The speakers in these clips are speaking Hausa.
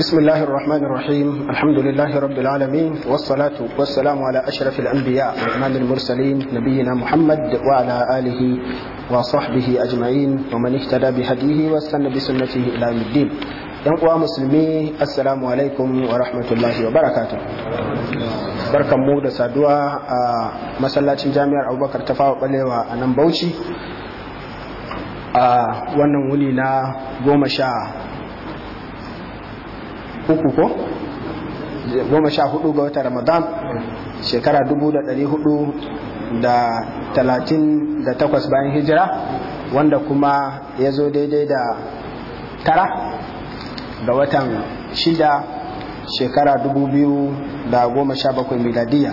بسم الله الرحمن الرحيم الحمد لله رب العالمين والصلاة والسلام على أشرف الأنبياء وإمام المرسلين نبينا محمد وعلى آله وصحبه أجمعين ومن اهتدى بهديه واستنى بسنته إلى يوم الدين yan uwa musulmi assalamu alaikum wa rahmatullahi wa barakatu barkan mu da saduwa a masallacin jami'ar abubakar ta fawa balewa a nan bauchi a wannan wuni na goma sha uku goma sha hudu ga watan ramadan shekara dubu da dari hudu da talatin da takwas bayan hijira wanda kuma ya zo daidai da tara ga watan shida shekara dubu biyu da goma sha bakwai miladiyya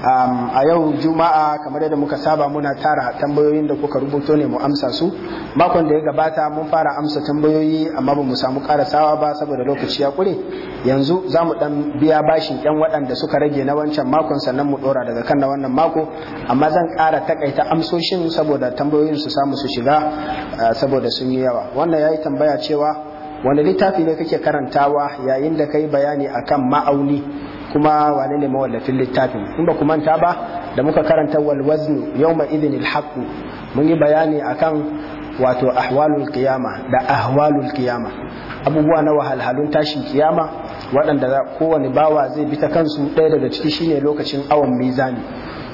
Um, a yau juma'a kamar yadda muka saba muna tara tambayoyin da kuka rubuto ne mu amsa su makon da ya gabata mun fara amsa tambayoyi amma ba mu samu karasawa ba saboda lokaci ya kure yanzu za mu dan biya bashin yan waɗanda suka rage na wancan makon sannan mu dora daga kan na wannan mako amma zan kara takaita amsoshin saboda tambayoyin su samu su shiga uh, saboda sun yi yawa wannan ya yi tambaya cewa wani littafi ne kake karantawa yayin da kai bayani akan ma'auni kuma wane ne mawallafin littafin in ba manta ba da muka karanta wal waznu yawma idin al haqq mun yi bayani akan wato ahwalul qiyama da ahwalul qiyama abubuwa na wahalhalun tashin kiyama waɗanda kowane bawa zai bi ta kansu ɗaya daga ciki shine lokacin awon mizani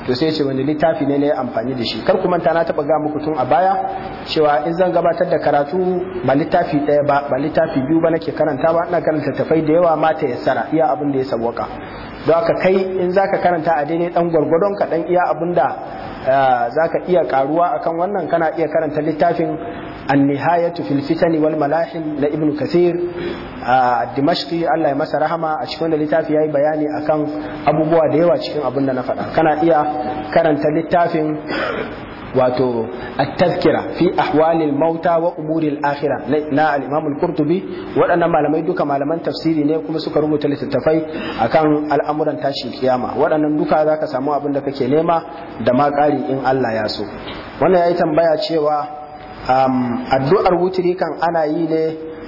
to sai ce wani littafi ne na yi amfani da shi kar kuma manta na taɓa ga muku tun a baya cewa in zan gabatar da karatu ba littafi ɗaya ba ba littafi biyu ba nake karanta ba ina karanta tafai da yawa ma ya sara iya abin da ya sawwaka don haka kai in zaka karanta a daidai dan gwargwadon ka dan iya abin da Eh, za ka iya karuwa akan wannan kana iya karanta littafin an-nihayatu fil fitani wal malahim na ibnu kathir a eh, dimashqi Allah ya masa rahama a cikin da littafi yayi bayani akan abubuwa da yawa cikin abin da na faɗa kana iya karanta littafin wato at-tazkira fi ahwalil mauta wa umuril akhirah na al-imam al-qurtubi waɗannan malamai duka malaman tafsiri ne kuma suka rubuta littattafai akan al'amuran tashin kiyama waɗannan duka zaka samu abin da kake nema da ma ƙari in Allah ya so wannan yayi tambaya cewa addu'ar wutiri kan ana yi ne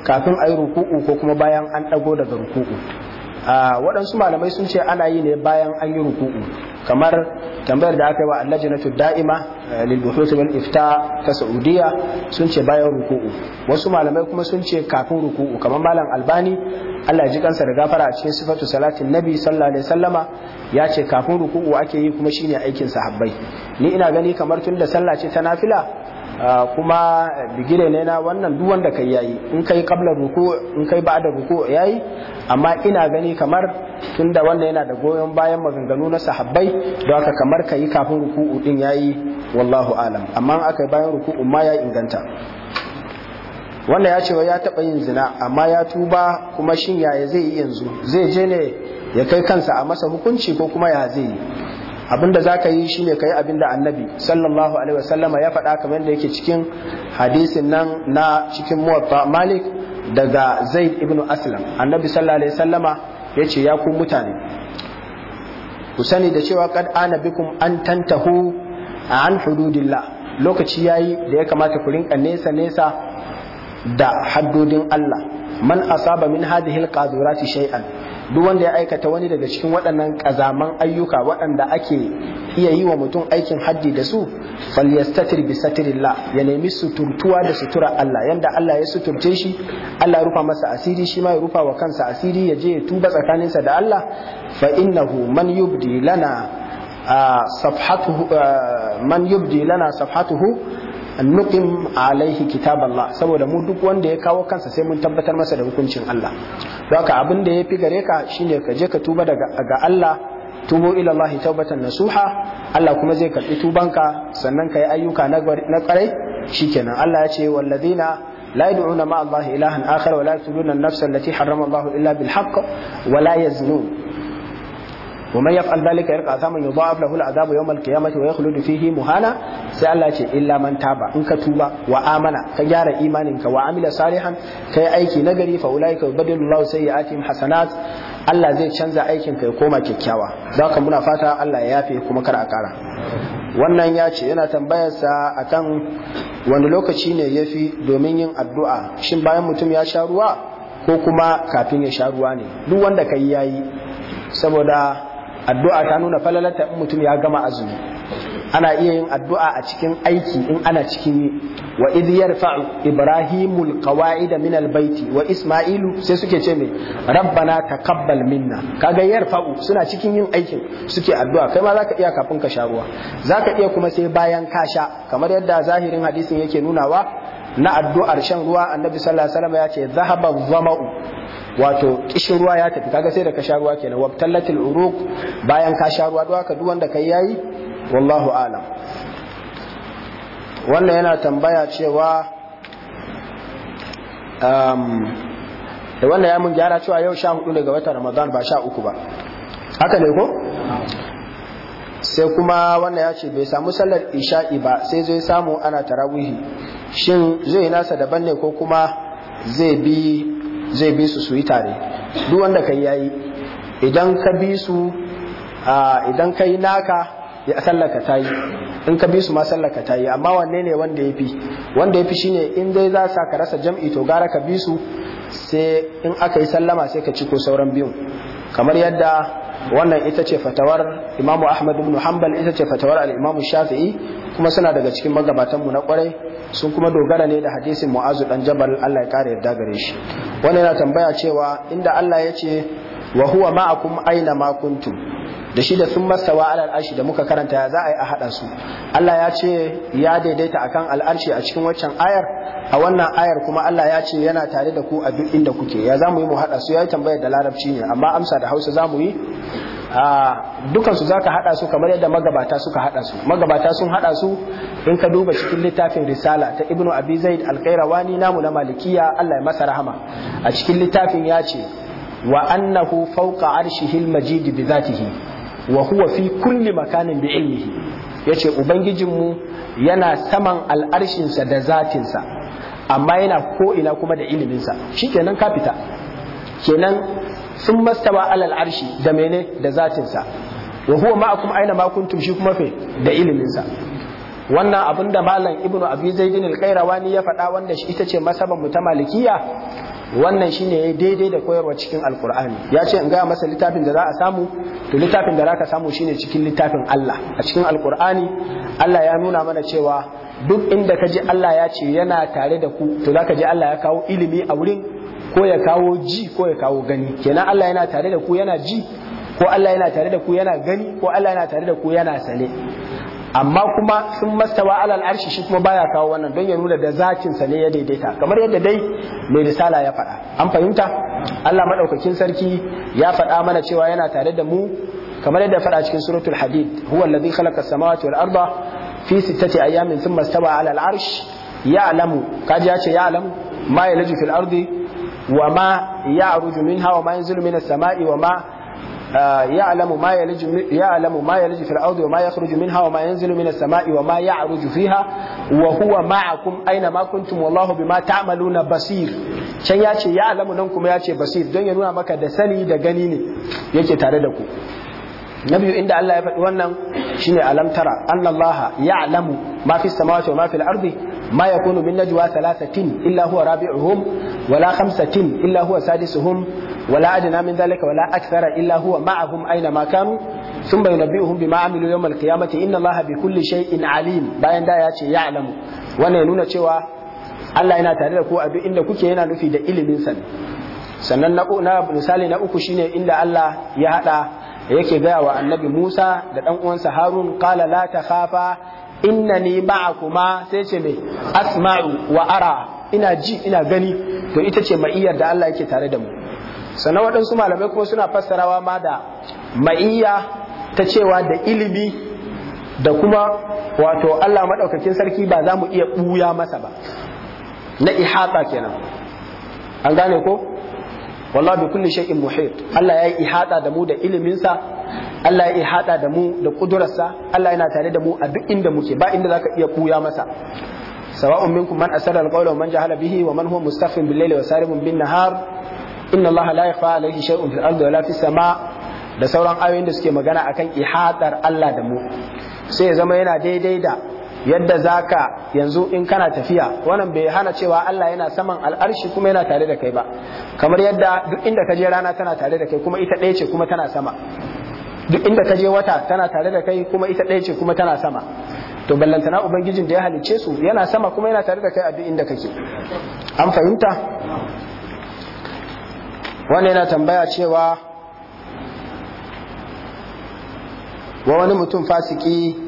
kafin ayi ruku'u ko kuma bayan an ɗago daga ruku'u waɗansu malamai sun ce ana yi ne bayan an yi ruku'u kamar tambayar da aka yi wa allajinatu da'ima eh, lil buhuth ifta ta saudiya sun ce bayan ruku'u wasu malamai kuma sun ce kafin ruku'u kamar malam albani Allah ya ji kansa da gafara a cikin sifatu salatin nabi sallallahu alaihi wasallama ya ce kafin ruku'u ake yi kuma shine aikin sahabbai ni ina gani kamar tun da sallah ce ta nafila Ah, kuma eh, bigire ne na wannan duk wanda kai yayi in kai kabla ruku in kai ba da ruku yayi amma ina gani kamar tunda wannan yana da goyon bayan maganganu na sahabbai don haka kamar kai kafin ruku'u din yayi wallahu alam amma aka yi bayan ruku'u ma ya inganta wanda ya ce wa ya taɓa yin zina amma ya tuba kuma shin yaya zai yi yanzu zai je ne ya kai kansa a masa hukunci ko kuma ya zai yi abinda za ka yi shi ne ka yi abin da annabi sallallahu alaihi wasallama ya faɗa kamar da yake cikin hadisin nan na cikin muwatta malik daga zaid ibn aslam annabi sallallahu alaihi wasallama ya ce ya ku mutane ku sani da cewa kad ana bikum an tantahu an hududillah lokaci yayi da ya kamata ku rinka nesa nesa da haddodin Allah man asaba min hadhihi alqadurati shay'an duk wanda ya aikata wani daga cikin waɗannan ƙazaman ayyuka waɗanda ake iya yi wa mutum aikin haddi da su falyastatir bi satirillah ya nemi suturtuwa da sutura Allah yanda Allah ya suturce shi Allah ya rufa masa asiri shi ma ya rufa wa kansa asiri ya je ya tuba tsakaninsa da Allah fa innahu man yubdi lana ah, safhatuhu ah, man yubdi lana safhatuhu nuqim alaihi kitab Allah saboda mu duk wanda ya kawo kansa sai mun tabbatar masa da hukuncin Allah don haka abin da ya fi gare ka shine ka je ka tuba daga Allah tubo ila Allah taubatan nasuha Allah kuma zai karbi tubanka sannan kayi ayyuka na kwarai shikenan Allah ya ce wallazina لا يدعون مع الله إلها آخر ولا يقتلون النفس التي حرم الله إلا بالحق ولا يزنون ومن يفعل ذلك يلقى عذابا يضاعف له العذاب يوم waya ويخلد فيه muhana. sai Allah ce illa manta ba in ka tuba wa amana ka gyara imaninka wa amila salihan ka yi aiki nagari fa ulaika yubaddilu Allahu sayyi'atihim hasanat Allah zai canza aikin ka ya koma kyakkyawa ka muna fata Allah ya yafe kuma kar a kara wannan ya ce yana tambayarsa akan wani lokaci ne yafi domin yin addu'a shin bayan mutum ya sha ruwa ko kuma kafin ya sha ruwa ne duk wanda ka yi yayi saboda addu'a ta nuna falalata in mutum ya gama azumi ana iya yin addu'a a cikin aiki in ana cikin yi wa idh yarfa'u ibrahimul qawaid min albayti wa isma'ilu sai suke ce me rabbana taqabbal minna kaga yarfa'u suna cikin yin aikin suke addu'a kai ma zaka iya kafin ka sha ruwa zaka iya kuma sai bayan ka sha kamar yadda zahirin hadisin yake nunawa na addu'ar shan ruwa annabi sallallahu alaihi wasallam ya ce zahaba dhama'u wato kishin ruwa ya tafi kaga sai da ka sha ruwa kenan wabtallatil uruq bayan ka sha ruwa duka duk wanda kai yayi wallahu alam wannan yana tambaya cewa um, da eh, wannan ya mun gyara cewa yau sha hudu daga watan ramadan ba sha uku ba haka ne ko sai kuma wannan ya ce bai samu sallar isha'i ba sai zai samu ana tarawihi shin zai nasa daban ne ko kuma zai bi zai bi su su yi tare duk wanda kai yi idan ka bi su idan ka yi naka ya sallaka ta yi in ka bi su ma sallaka ta yi amma wanne ne wanda ya fi wanda ya fi shine in dai za sa ka rasa jam'i to gara ka bi su sai in aka yi sallama sai ka ci ko sauran biyun kamar yadda wannan ita ce fatawar imamu Ahmad ibn Hanbal ita ce fatawar al Shafi'i kuma suna daga cikin magabatan mu na kwarai sun kuma dogara ne da hadisin Mu'azu dan Jabal Allah ya kare yadda gare shi wannan yana tambaya cewa inda Allah ya ce wa huwa ma'akum aina makuntu. da shi da sun masawa alal arshi da muka karanta za a yi a haɗa su Allah ya ce ya daidaita akan al'arshi a cikin waccan ayar a wannan ayar kuma Allah ya ce yana tare da ku a duk inda kuke ya za yi mu haɗa su ya yi tambayar da larabci ne amma amsa da hausa za mu yi dukansu za ka haɗa su kamar yadda magabata suka haɗa su magabata sun haɗa su in ka duba cikin littafin risala ta ibnu abi zaid al-qairawani namu na malikiya allah ya masa rahama a cikin littafin ya ce wa annahu fawqa arshihil majid bi zatihi wa huwa fi kulli makanin bi ilmihi yace ubangijinmu yana saman al'arshinsa da zatinsa amma yana ko'ina kuma da iliminsa shikenan ka fita kenan sun mastaba alal arshi da mene da zatinsa wa huwa ma'akum aina ma shi kuma fe da iliminsa wannan abin da malam ibnu abi zaidin al-qayrawani ya faɗa wanda shi ita ce masabar mu ta malikiya wannan shine ya daidai da koyarwa cikin alkur'ani ya ce in gaya masa littafin da za a samu to littafin da za ka samu shine cikin littafin Allah a cikin alkur'ani Allah ya nuna mana cewa duk inda ka ji Allah ya ce yana tare da ku to za ka ji Allah ya kawo ilimi a wurin ko ya kawo ji ko ya kawo gani kenan Allah yana tare da ku yana ji ko Allah yana tare da ku yana gani ko Allah yana tare da ku yana sane amma kuma sun mastawa alal arshi shi kuma baya kawo wannan don ya nuna da zatin sa ne ya daidaita kamar yadda dai mai risala ya faɗa an fahimta Allah madaukakin sarki ya faɗa mana cewa yana tare da mu kamar yadda faɗa cikin suratul hadid huwa alladhi khalaqa samawati wal arda fi sittati ayamin thumma istawa ala al-arsh ya'lamu kaji ya ce ya'lamu ma yalaju fil ardi wa ma ya'ruju minha wa ma yanzilu minas sama'i wa ma يعلم ما يلج يعلم ما يلج في الارض وما يخرج منها وما ينزل من السماء وما يعرج فيها وهو معكم اينما كنتم والله بما تعملون بصير can ya ce ya alamu nan kuma ya ce basir don ya nuna maka da sani da gani ne yake tare da ku na biyu inda Allah ya faɗi wannan shine alamtara tara ya'lamu ma fi samawati wa ma fil ardi ما يكون من نجوى ثلاثة إلا هو رابعهم ولا خمسة إلا هو سادسهم ولا أدنى من ذلك ولا أكثر إلا هو معهم أينما كانوا ثم ينبئهم بما عملوا يوم القيامة إن الله بكل شيء عليم باين دا يأتي يعلم وانا ينون cewa Allah yana tare da ku a duk inda kuke yana nufi da ilimin sa sannan na misali na uku shine inda Allah ya hada yake gaya wa annabi Musa da dan uwansa Harun qala la takhafa Inna innani ma'akuma sai ce mai asma'u wa ara ina ji ina gani to ita ce ma'iyyar da Allah yake tare da mu sannan waɗansu malamai kuma suna fassarawa ma da ma'iyya ta cewa da ilimi da kuma wato Allah maɗaukakin sarki ba za mu iya ɓuya masa ba na ihata kenan an gane ko wallahi bi kulli shay'in muhit Allah ya yi ihaɗa da mu da iliminsa. Allah ya ihada da mu da kudurarsa Allah yana tare da mu a duk inda muke ba inda za ka iya kuya masa sawa'un minku man asarra alqawla wa man jahala wa man huwa mustafin bil layli wa sarimun bin nahar inna Allah la yakhfa alayhi shay'un fil ardi wa sama' da sauran ayoyin da suke magana akan ihadar Allah da mu sai ya zama yana daidai da yadda zaka yanzu in kana tafiya wannan bai hana cewa Allah yana saman al'arshi kuma yana tare da kai ba kamar yadda duk inda ka je rana tana tare da kai kuma ita ɗaya ce kuma tana sama duk inda ka je wata tana tare da kai kuma ita ɗaya ce kuma tana sama to ballantana ubangijin da ya halicce su yana sama kuma yana tare da kai a duk inda kake an fahimta wannan yana tambaya cewa wa wani mutum fasiki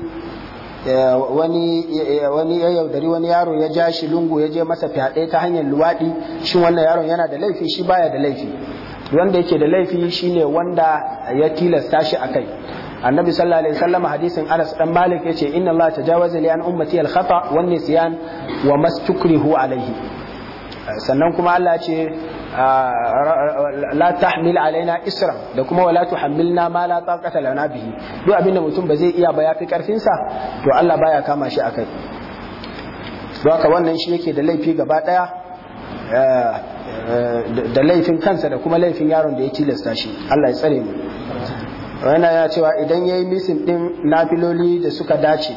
Eh, wani eh, wani ya yaudari wani yaro ya ja shi lungu ya je masa fyaɗe ta hanyar luwaɗi shin wannan yaron yana da laifi shi baya da laifi wanda yake da laifi shine wanda ya tilasta shi akai annabi sallallahu alaihi wasallam hadisin Anas dan Malik yace inna allaha tajawaza li an ummati al khata wa nisyan wa mastukrihu alaihi eh, sannan kuma Allah ce la tahmil alaina isra da kuma wala tuhammilna ma la taqata lana bihi duk abin da mutum ba zai iya ba yafi karfin sa to Allah baya kama shi akai don haka wannan shi yake da laifi gaba daya da laifin kansa da kuma laifin yaron da ya tilasta shi Allah ya tsare mu wannan ya cewa idan yayi misin din nafiloli da suka dace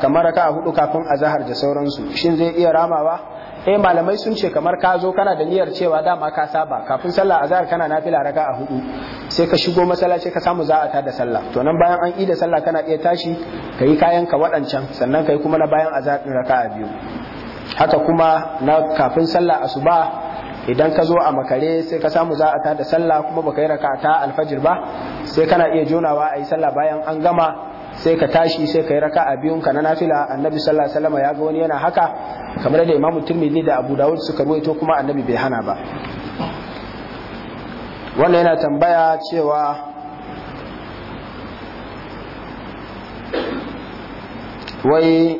kamar ka hudu kafin azahar da sauransu shin zai iya ramawa eh malamai sun ce kamar ka zo kana da niyyar cewa dama ka saba kafin sallah azhar kana nafila raka a hudu sai ka shigo masallaci ka samu za'a ta da sallah to nan bayan an ida sallah kana iya tashi kai kayan ka waɗancan sannan kai kuma na bayan azhar din raka a biyu haka kuma na kafin sallah asuba idan ka zo a makare sai ka samu za'a ta da sallah kuma baka yi raka ta alfajir ba sai kana iya jonawa a yi sallah bayan an gama sai ka tashi sai ka yi raka a biyun ka na nafila annabi sallallahu alaihi wasallam ya ga wani yana haka kamar da imamu tirmidhi da abu dawud suka ruwaito kuma annabi bai hana ba wannan yana tambaya cewa wai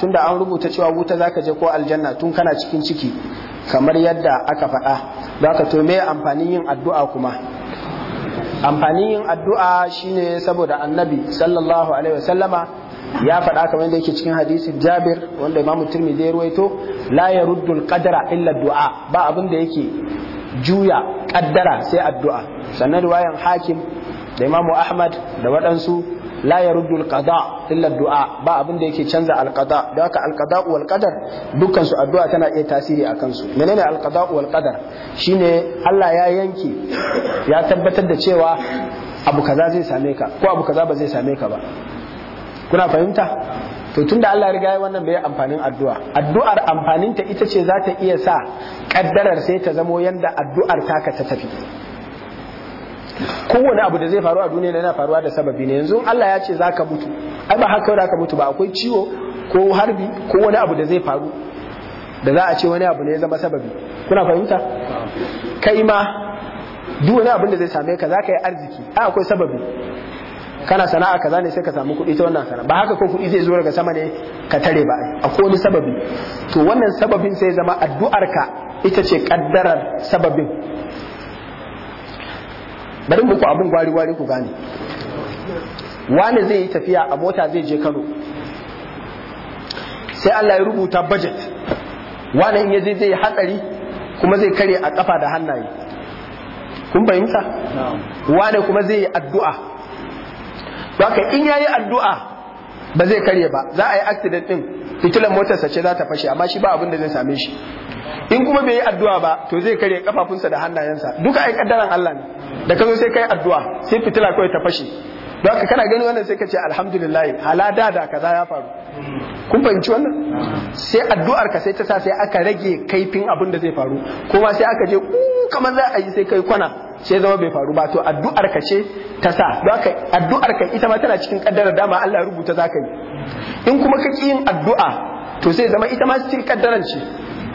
tunda an rubuta cewa wuta zaka je ko aljanna tun kana cikin ciki kamar yadda aka faɗa zaka ka to me amfanin yin addu'a kuma amfanin yin addu'a shine saboda annabi sallallahu alaihi wasallama ya faɗa kamar da yake cikin hadisin Jabir wanda Imam Tirmidhi ya ruwaito la yaruddu alqadara illa du'a ba abin da yake juya kaddara sai addu'a sannan riwayan Hakim da Imam Ahmad da waɗansu la yaruddu alqada illa du'a ba abin da yake canza alqada da haka alqada wal qadar dukkan su addu'a tana iya tasiri akan su menene alqada wal qadar shine Allah ya yanki ya tabbatar da cewa abu kaza zai same ka ko abu kaza ba zai same ka ba kuna fahimta to tunda Allah riga ya wannan bai amfanin addu'a addu'ar amfaninta ita ce za ta iya sa kaddarar sai ta zamo yanda addu'ar taka ta tafi kowane abu da zai faru a duniya yana faruwa da sababi ne yanzu Allah ya ce za ka mutu ai ba haka ka mutu ba akwai ciwo ko harbi ko wani abu da zai faru da za a ce wani abu ne ya zama sababi kuna fahimta kai ma duk wani abu da zai same ka ka yi arziki ai akwai sababi kana sana'a kaza ne sai ka samu kuɗi ta wannan sana'a ba haka ko kuɗi zai zo daga sama ne ka tare ba akwai wani sababi to wannan sababin sai zama addu'arka ita ce kaddarar sababin bari muku abin gwari gwari ku gane wani zai yi tafiya a mota zai je Kano sai Allah ya rubuta budget wani in yaje zai hatsari kuma zai kare a kafa da hannaye kun fahimta wani kuma zai yi addu'a haka in yayi addu'a ba zai kare ba za a yi accident din fitilan motarsa ce za ta fashe amma shi ba abin da zai same shi in kuma bai yi addu'a ba to zai kare kafafunsa da hannayensa duka ai kaddaran Allah ne da kazo sai kai addu'a sai fitila kawai ta fashe don haka kana gani wannan sai ka ce alhamdulillah hala da kaza ya faru kun fahimci wannan sai addu'ar ka sai ta sa sai aka rage kaifin abin da zai faru kuma sai aka je kamar za a yi sai kai kwana sai zama bai faru ba to addu'ar ka ce ta sa don haka addu'ar ka ita ma tana cikin kaddarar dama Allah rubuta za ka yi in kuma ka ki yin addu'a to sai zama ita ma cikin kaddaran ce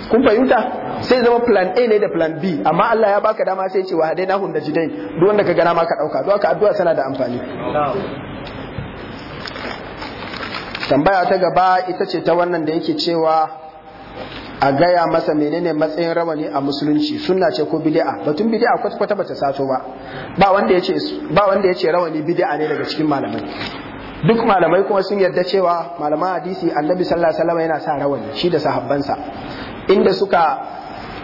kun fahimta sai zama plan A ne da plan B amma Allah ya baka dama sai ce wa na hunda jidai duk wanda ka gana ma ka dauka don haka addu'a sana da amfani tambaya ta gaba ita ce ta wannan da yake cewa a gaya masa menene matsayin rawani a musulunci sunna ce ko bid'a batun bid'a kwata kwata bata sato ba ba wanda yace ba wanda yace rawani bid'a ne daga cikin malamai duk malamai kuma sun yarda cewa malaman hadisi annabi sallallahu alaihi wasallam yana sa rawani shi da sahabbansa inda suka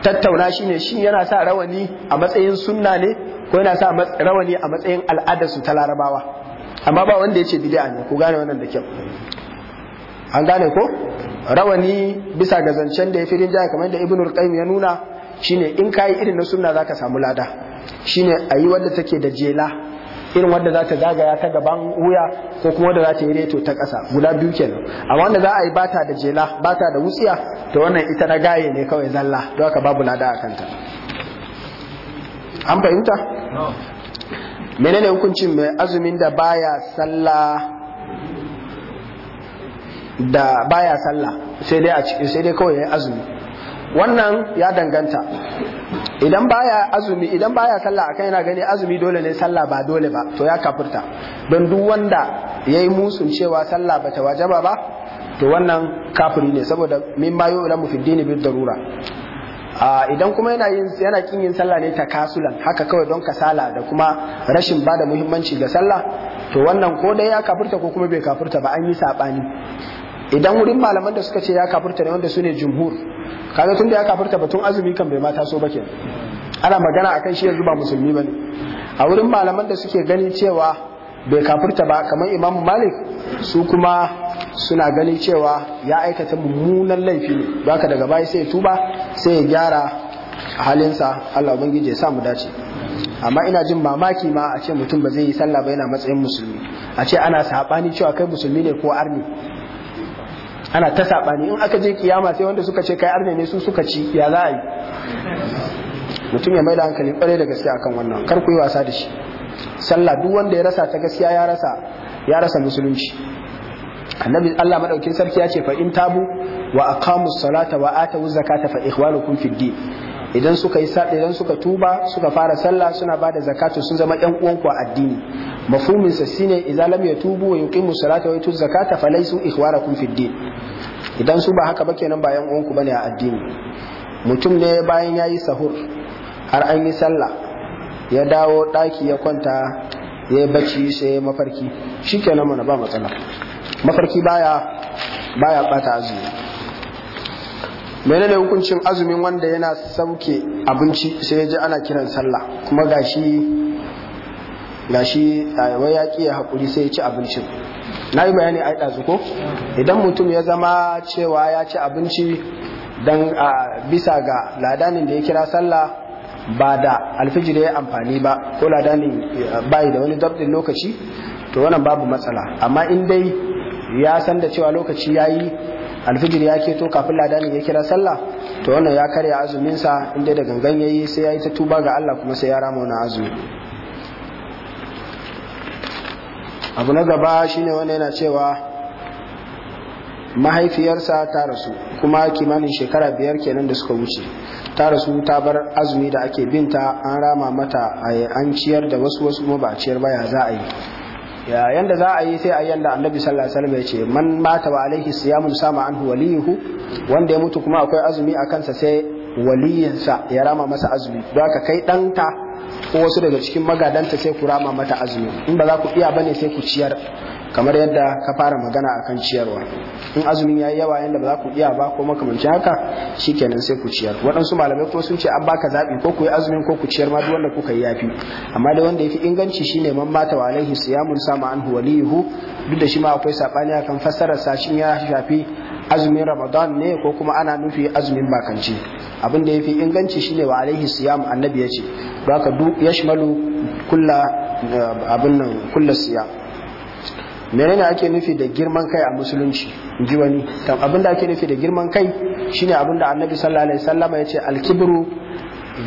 tattauna shi ne shi yana sa rawani a matsayin sunna ne ko yana sa rawani a matsayin al'adarsu ta larabawa amma ba wanda ya ce bid'a ne ku gane wannan da kyau an gane ko rawani bisa ga zancen da ya fi jaya kamar da ibnul qayyim ya nuna shine in kai irin na sunna zaka samu lada shine ayi wanda take da jela irin wanda za ta zagaya ta gaban wuya ko kuma wanda za ta yi reto ta ƙasa guda biyu kenan amma wanda za a yi bata da jela bata da wutsiya to wannan ita na gaye ne kawai zalla don haka babu lada a kanta an fahimta menene hukuncin mai azumin da baya sallah da baya sallah sai dai kawai ya azumi wannan ya danganta idan baya azumi idan baya sallah akan yana gani azumi dole ne sallah ba dole ba to ya kafirta don duk wanda yayi musun cewa sallah bata wajaba ba to wannan kafiri ne saboda min bayo ulamu fi dini bil darura idan kuma yana yin yana kin yin sallah ne ta kasulan haka kawai don kasala da kuma rashin bada muhimmanci ga sallah to wannan ko dai ya kafirta ko kuma bai kafirta ba an yi sabani idan wurin malaman da suka ce ya kafirta ne wanda su ne jumhur kaga tun da ya kafarta batun azumi kan bai mata so ba ke ana magana akan shi yanzu ba musulmi bane a wurin malaman da suke gani cewa bai kafirta ba kamar imam malik su kuma suna gani cewa ya aikata mummunan laifi ne baka daga baya sai ya tuba sai ya gyara halinsa Allah ubangiji ya sa mu dace amma ina jin mamaki ma a ce mutum ba zai yi sallah ba yana matsayin musulmi a ce ana sabani cewa kai musulmi ne ko arni ana ta saɓani in aka je kiyama sai wanda suka ce kai arne ne su suka ci ya za a yi mutum ya maida hankali kwarai da gaskiya akan wannan kar ku yi wasa da shi sallah duk wanda ya rasa ta gaskiya ya rasa ya rasa musulunci annabi Allah madaukin sarki ya ce fa in tabu wa aqamu salata wa atu zakata fa ikhwanukum fid din idan suka yi idan suka tuba suka fara sallah suna bada zakatu sun zama yan uwan ku addini mafhumin sa shine idza lam yatubu wa yuqimu salata wa yutu zakata falaysu ikhwarakum fid din idan su ba haka ba kenan ba uwanku uwan ku bane a addini mutum ne bayan yayi sahur har an yi sallah ya dawo daki ya kwanta ya yi bacci sai ya mafarki shikenan mana ba matsala mafarki baya baya bata azumi ne hukuncin azumin wanda yana sauke abinci sai ji ana kiran sallah kuma gashi gashi eh, wai ya ya hakuri sai ya ci abincin na yi bayani a ɗazu ko idan mutum ya zama cewa ya ci abinci don bisa ga ladanin da ya kira sallah ba da alfijir ya amfani ba ko ladanin eh, bayi da wani dabdin lokaci to wannan babu matsala amma in dai ya san da cewa lokaci ya yi alfijir ya keto kafin ladanin ya kira sallah to wannan ya karya azuminsa inda da gangan ya yi sai ya yi ta tuba ga Allah kuma sai ya rama wani azumi abu na gaba shi ne wanda yana cewa mahaifiyarsa ta rasu kuma kimanin shekara biyar kenan da suka wuce ta rasu ta bar azumi da ake binta an rama mata a an ciyar da wasu wasu kuma ba a ciyar ba za a yi ya yanda za a yi sai a yanda annabi sallallahu alaihi wasallam ya ce man mata wa alaihi siyamun sama anhu waliyuhu wanda ya mutu kuma akwai azumi a kansa sai waliyinsa ya rama masa azumi don haka kai ɗanta ko wasu daga cikin magadanta sai ku rama mata azumi in ba za ku iya bane sai ku ciyar kamar yadda ka fara magana akan ciyarwa in azumin yayi yawa yanda ba za ku iya ba ko makamancin haka shikenan sai ku ciyar waɗansu malamai ko sun ce an baka zaɓi ko ku yi azumin ko ku ciyar ma duk wanda kuka yi yafi amma da wanda yafi inganci shine man mata wa alaihi siyamun sama anhu ihu duk da shi ma akwai saɓani akan fassarar sashin ya shafi azumin ramadan ne ko kuma ana nufi azumin bakanci abin da ya fi inganci shine wa alaihi siyam annabi ce ce haka duk yashmalu kulla eh, abin nan kulla siyam menene ake nufi da girman kai a musulunci ji wani abin da ake nufi da girman kai shine abin da annabi sallallahu alaihi wasallam ya ce alkibru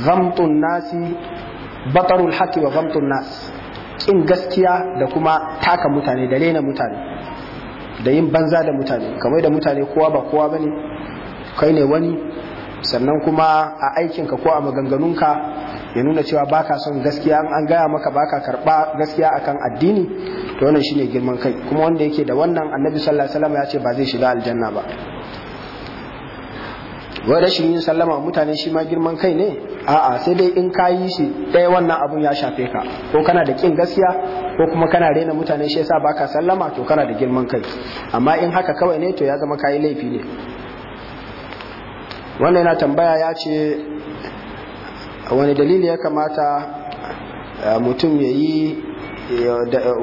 ghamtun nasi batarul haqqi wa ghamtun nas kin gaskiya da kuma taka mutane da rena mutane da yin banza da mutane kamar da mutane kowa ba kowa bane kai ne wani sannan kuma a aikinka ko a maganganunka ya nuna cewa ba ka son gaskiya an gaya maka ba ka karba gaskiya akan addini to wannan shine girman kai kuma wanda yake da wannan annabi sallallahu alaihi wasallam ya ce ba zai shiga aljanna ba wai rashin yin sallama mutane shi ma girman kai ne a'a sai dai in ka yi shi ɗaya wannan abun ya shafe ka ko kana da kin gaskiya ko kuma kana rena mutane shi yasa baka sallama to kana da girman kai amma in haka kawai ne to ya zama kayi laifi ne wannan yana tambaya ya ce wani dalili ya kamata eh, mutum ya yi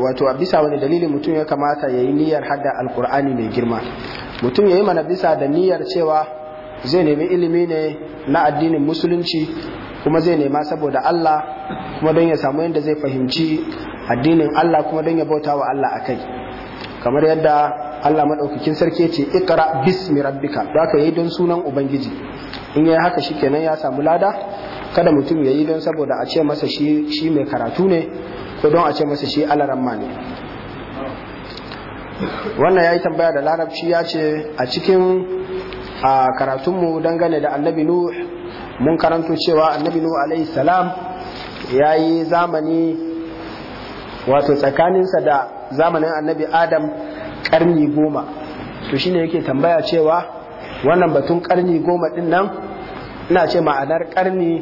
wato a bisa wani dalili mutum ya kamata ya yi niyyar hada alkur'ani mai girma mutum ya yi mana bisa da niyyar cewa zai nemi ilimi ne na addinin musulunci kuma zai nema saboda Allah kuma don ya samu yadda zai fahimci addinin Allah kuma don ya bauta wa Allah a kai kamar yadda Allah madaukakin sarki ce ikra bismi rabbika da ka yi don sunan ubangiji in yayi haka shikenan ya samu lada kada mutum ya yi don saboda a ce masa shi mai karatu ne ko don a ce masa shi alaramma ne wannan yi tambaya da larabci ya ce a cikin a karatunmu dangane da annabi nuh mun karanto cewa annabi nuh alaihi salam yayi zamani wato tsakaninsa da zamanin annabi adam karni goma to shine yake tambaya cewa wannan batun karni goma din nan ina ce ma'anar karni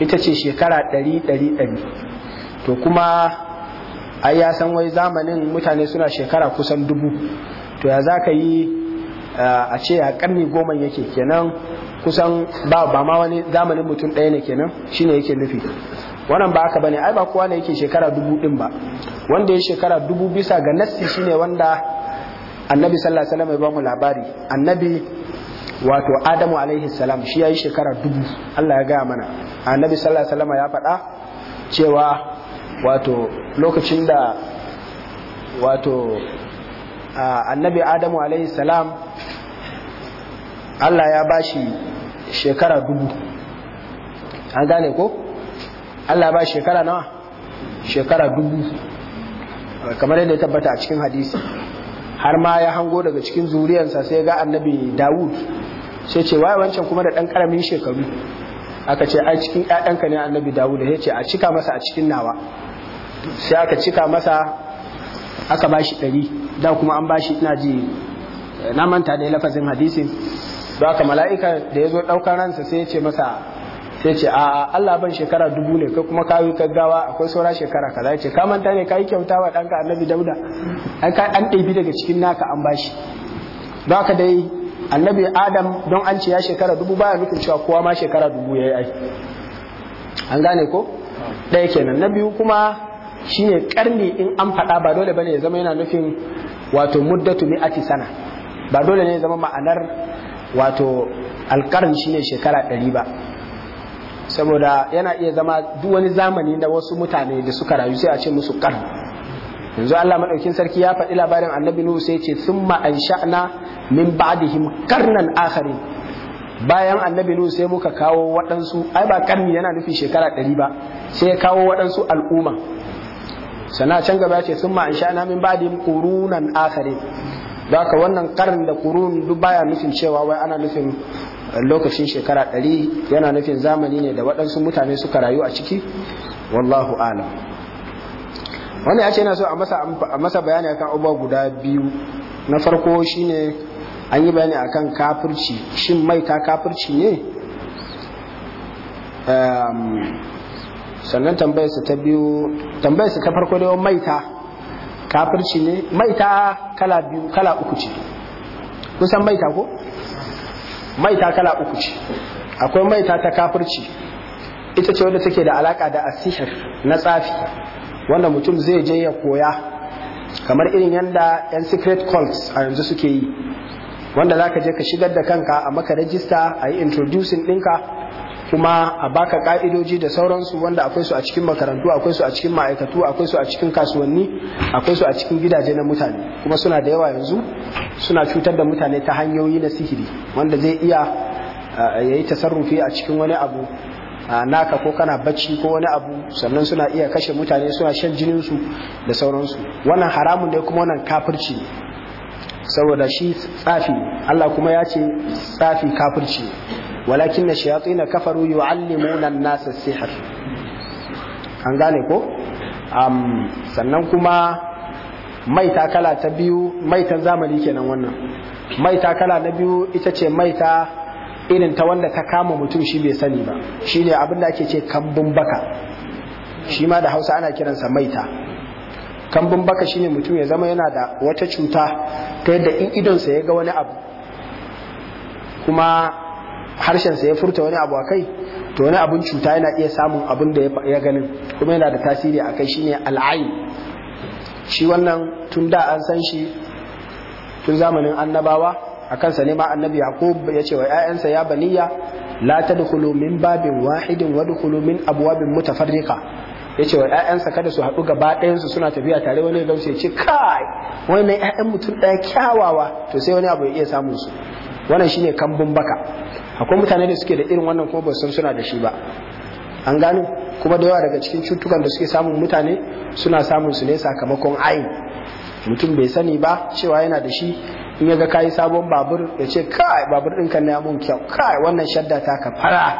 ita ce shekara ɗari ɗari ɗari to kuma ai ya san wai zamanin mutane suna shekara kusan dubu to ya za ka yi a ce a karni goma yake kenan kusan ba ba ma wani zamanin mutum ɗaya ne kenan shine yake nufi wannan ba haka bane ai ba kowa ne yake shekara dubu din ba wanda ya shekara dubu bisa ga nassi shine wanda annabi sallallahu alaihi wasallam ya bamu labari annabi wato adamu alaihi salam shi ya yi shekara dubu Allah ya gaya mana annabi sallallahu alaihi wasallam ya faɗa cewa wato lokacin da wato annabi adamu alaihi salam Allah ya bashi shekara dubu an gane ko Allah ya bashi shekara nawa shekara dubu kamar yadda ya tabbata a cikin hadisi har ma ya hango daga cikin zuriyarsa sai ga annabi dawud sai ce waye wancan kuma da ɗan ƙaramin shekaru aka ce ai cikin ƴaƴanka ne annabi dawud ya ce a cika masa a cikin nawa sai aka cika masa aka bashi ɗari da kuma an bashi ina ji na manta da lafazin hadisin da ka mala'ika da ya zo ɗaukar ransa sai ya ce masa sai ce a Allah ban shekara dubu ne kai kuma kayi gaggawa akwai saura shekara kaza ce ka manta ne kai kyauta wa danka annabi dauda an kai an ɗebi daga cikin naka an bashi don haka dai annabi adam don an ce ya shekara dubu baya nufin cewa kowa ma shekara dubu yayi ai an gane ko ɗaya kenan na biyu kuma shine karni in an faɗa ba dole bane ya zama yana nufin wato muddatu mi'ati sana ba dole ne ya zama ma'anar wato alƙarni shine shekara ɗari ba saboda yana iya zama duk wani zamani da wasu mutane da suka rayu sai a ce musu kar yanzu Allah madaukin sarki ya faɗi labarin annabi Nuhu sai ce thumma ansha'na min ba'dihim qarnan akharin bayan annabi Nuhu sai muka kawo waɗansu ai ba karni yana nufin shekara ɗari ba sai ya kawo waɗansu al'umma sana can gaba ya ce thumma ansha'na min ba'dihim qurunan akharin haka wannan karin da kurun duk baya nufin cewa wai ana nufin lokacin shekara ɗari yana nufin zamani ne da waɗansu mutane suka rayu a ciki wallahu alam wani ya ce na so a masa bayani akan abubuwa guda biyu na farko shine an yi bayani akan kafirci shin mai ta kafirci ne ehm, sannan tambayarsa ta biyu tambayarsa ta farko da maita kafirci ne maita kala biyu kala uku ce kusan maita ko maita kala uku ce akwai maita ta kafirci ita ce wadda take da alaka da asihir na tsafi wanda mutum zai je ya koya kamar irin yadda 'yan secret calls a yanzu suke yi wanda za ka je ka shigar da kanka a maka rajista a yi introducing ɗinka kuma a baka ka'idoji da sauransu wanda akwai su a cikin makarantu akwai su a cikin ma'aikatu akwai su a cikin kasuwanni akwai su a cikin gidaje na mutane kuma suna da yawa yanzu suna cutar da mutane ta hanyoyi na sihiri wanda zai iya yayi tasarrufi a cikin wani abu naka ko kana bacci ko wani abu sannan suna iya kashe mutane suna shan jininsu da sauransu wannan haramun ne kuma wannan kafirci saboda shi tsafi Allah kuma ya ce tsafi kafirci walakin na shayatina kafaru yu'allimuna an-nas as-sihr an gane ko um, sannan kuma maita kala ta biyu Maita zamani kenan wannan maita kala na biyu ita ce maita irin ta wanda ta kama mutum shi bai sani ba shine abin da ake ce kambun baka shi ma da Hausa ana kiransa maita kambun baka shine mutum ya zama yana da wata cuta ta yadda in idonsa ya ga wani abu kuma Harshen sa ya furta wani abu a kai to wani abun cuta yana iya samun abin da ya ganin kuma yana da tasiri a kai shine al'ayi. shi wannan tun da an san shi tun zamanin annabawa a kansa ne ma annabi yaqub ya ce wa 'ya'yansa ya baniya la tadkhulu min babin wahidin wa wadkhulu min abwabin mutafarriqa ya ce wa ‘ya'yansa kada su haɗu gaba ɗayansu suna tafiya tare wani gamsu ya ce kai wannan ‘ya'yan mutum ɗaya kyawawa to sai wani abu ya iya samun su wannan shine kambun baka akwai mutane da suke da irin wannan kuma ba san suna da shi ba an gane kuma da yawa daga cikin cutukan da suke samun mutane suna samun su ne sakamakon ayin mutum bai sani ba cewa yana da shi in ya ga kayi sabon babur ya ce kai babur kan na mun kyau kai wannan shadda ta ka fara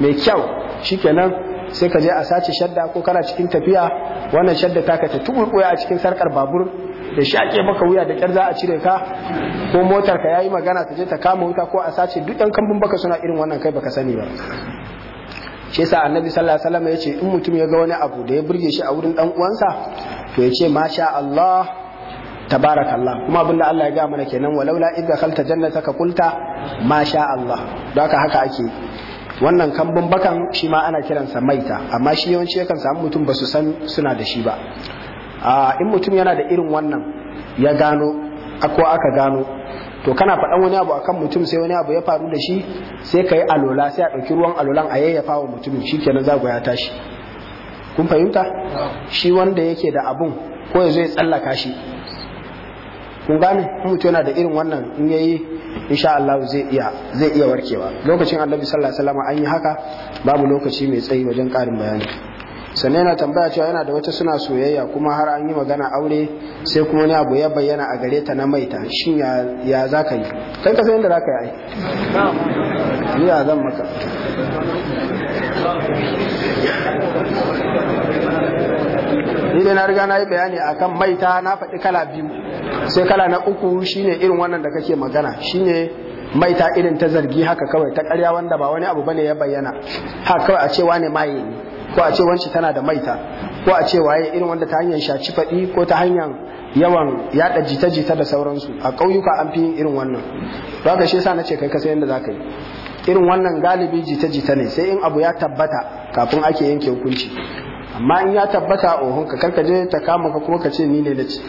mai kyau shikenan sai ka je a sace shadda ko kana cikin tafiya wannan shadda ta ka ta tuburɓuya a cikin sarkar babur da shaƙe maka wuya da kyar za a cire ka ko motar ka yi magana ta je ta kama wuta ko a sace duk ɗan kambun baka suna irin wannan kai baka sani ba shi yasa annabi sallallahu alaihi wasallam yace in mutum ya ga wani abu da ya burge shi a wurin dan uwansa to ya ce masha Allah tabarakallah kuma da Allah ya ga mana kenan walaula idza khalta jannataka qulta masha Allah don haka haka ake wannan kambun bakan shi ma ana kiransa maita amma shi yawanci yakan samu mutum ba su san suna da shi ba in mutum yana da irin wannan ya gano ko aka gano to kana faɗan wani abu akan mutum sai wani abu ya faru da shi sai ka yi alola sai a ɗauki ruwan alolan a yayyafa wa mutumin shi kenan zago ya tashi kun fahimta shi wanda yake da abun ko ya zo ya tsallaka shi kun gane in mutum yana da irin wannan in yayi insha Allah zai iya zai iya warkewa lokacin Annabi sallallahu alaihi wasallam an yi haka babu lokaci mai tsayi wajen karin bayani sannan yana tambaya cewa yana da wata suna soyayya kuma har an yi magana aure sai kuma wani abu ya bayyana a gare ta na maita shin ya za ka yi kai ka san yadda za ka yi ni ya zan maka ni dai na riga na yi bayani a kan maita na faɗi kala biyu sai kala na uku shine irin wannan da kake magana shine maita irin ta zargi haka kawai ta ƙarya wanda ba wani abu bane ya bayyana haka kawai a cewa ne maye ne ko a ce wanci tana da maita ko a ce waye irin wanda ta hanyar shaci faɗi ko ta hanyar yawan yaɗa jita-jita da sauransu a ƙauyuka an fi yin irin wannan ba ka shi sa na ce kai ka san yadda za ka yi irin wannan galibi jita-jita ne sai in abu ya tabbata kafin ake yanke hukunci amma in ya tabbata ohun ka karka je ta kama ka kuma ka ce ni ne na ci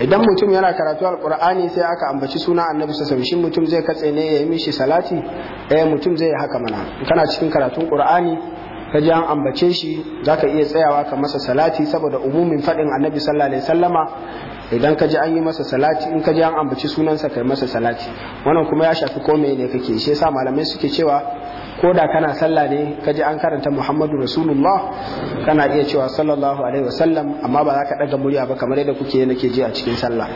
idan mutum yana karatu alkur'ani sai aka ambaci suna annabi sa alaihi mutum zai katse ne ya yi mishi salati eh mutum zai haka mana kana cikin karatun qur'ani ka ji an ambace shi zaka iya tsayawa ka masa salati saboda umumin fadin annabi sallallahu alaihi wasallama idan ka ji an yi masa salati in ka ji an ambaci sunansa kai masa salati wannan kuma ya shafi ko ne kake shi yasa malamai suke cewa ko da kana sallah ne ka ji an karanta muhammadu rasulullah kana iya cewa sallallahu alaihi wasallam amma ba za ka ɗaga murya ba kamar yadda kuke nake ji a cikin sallah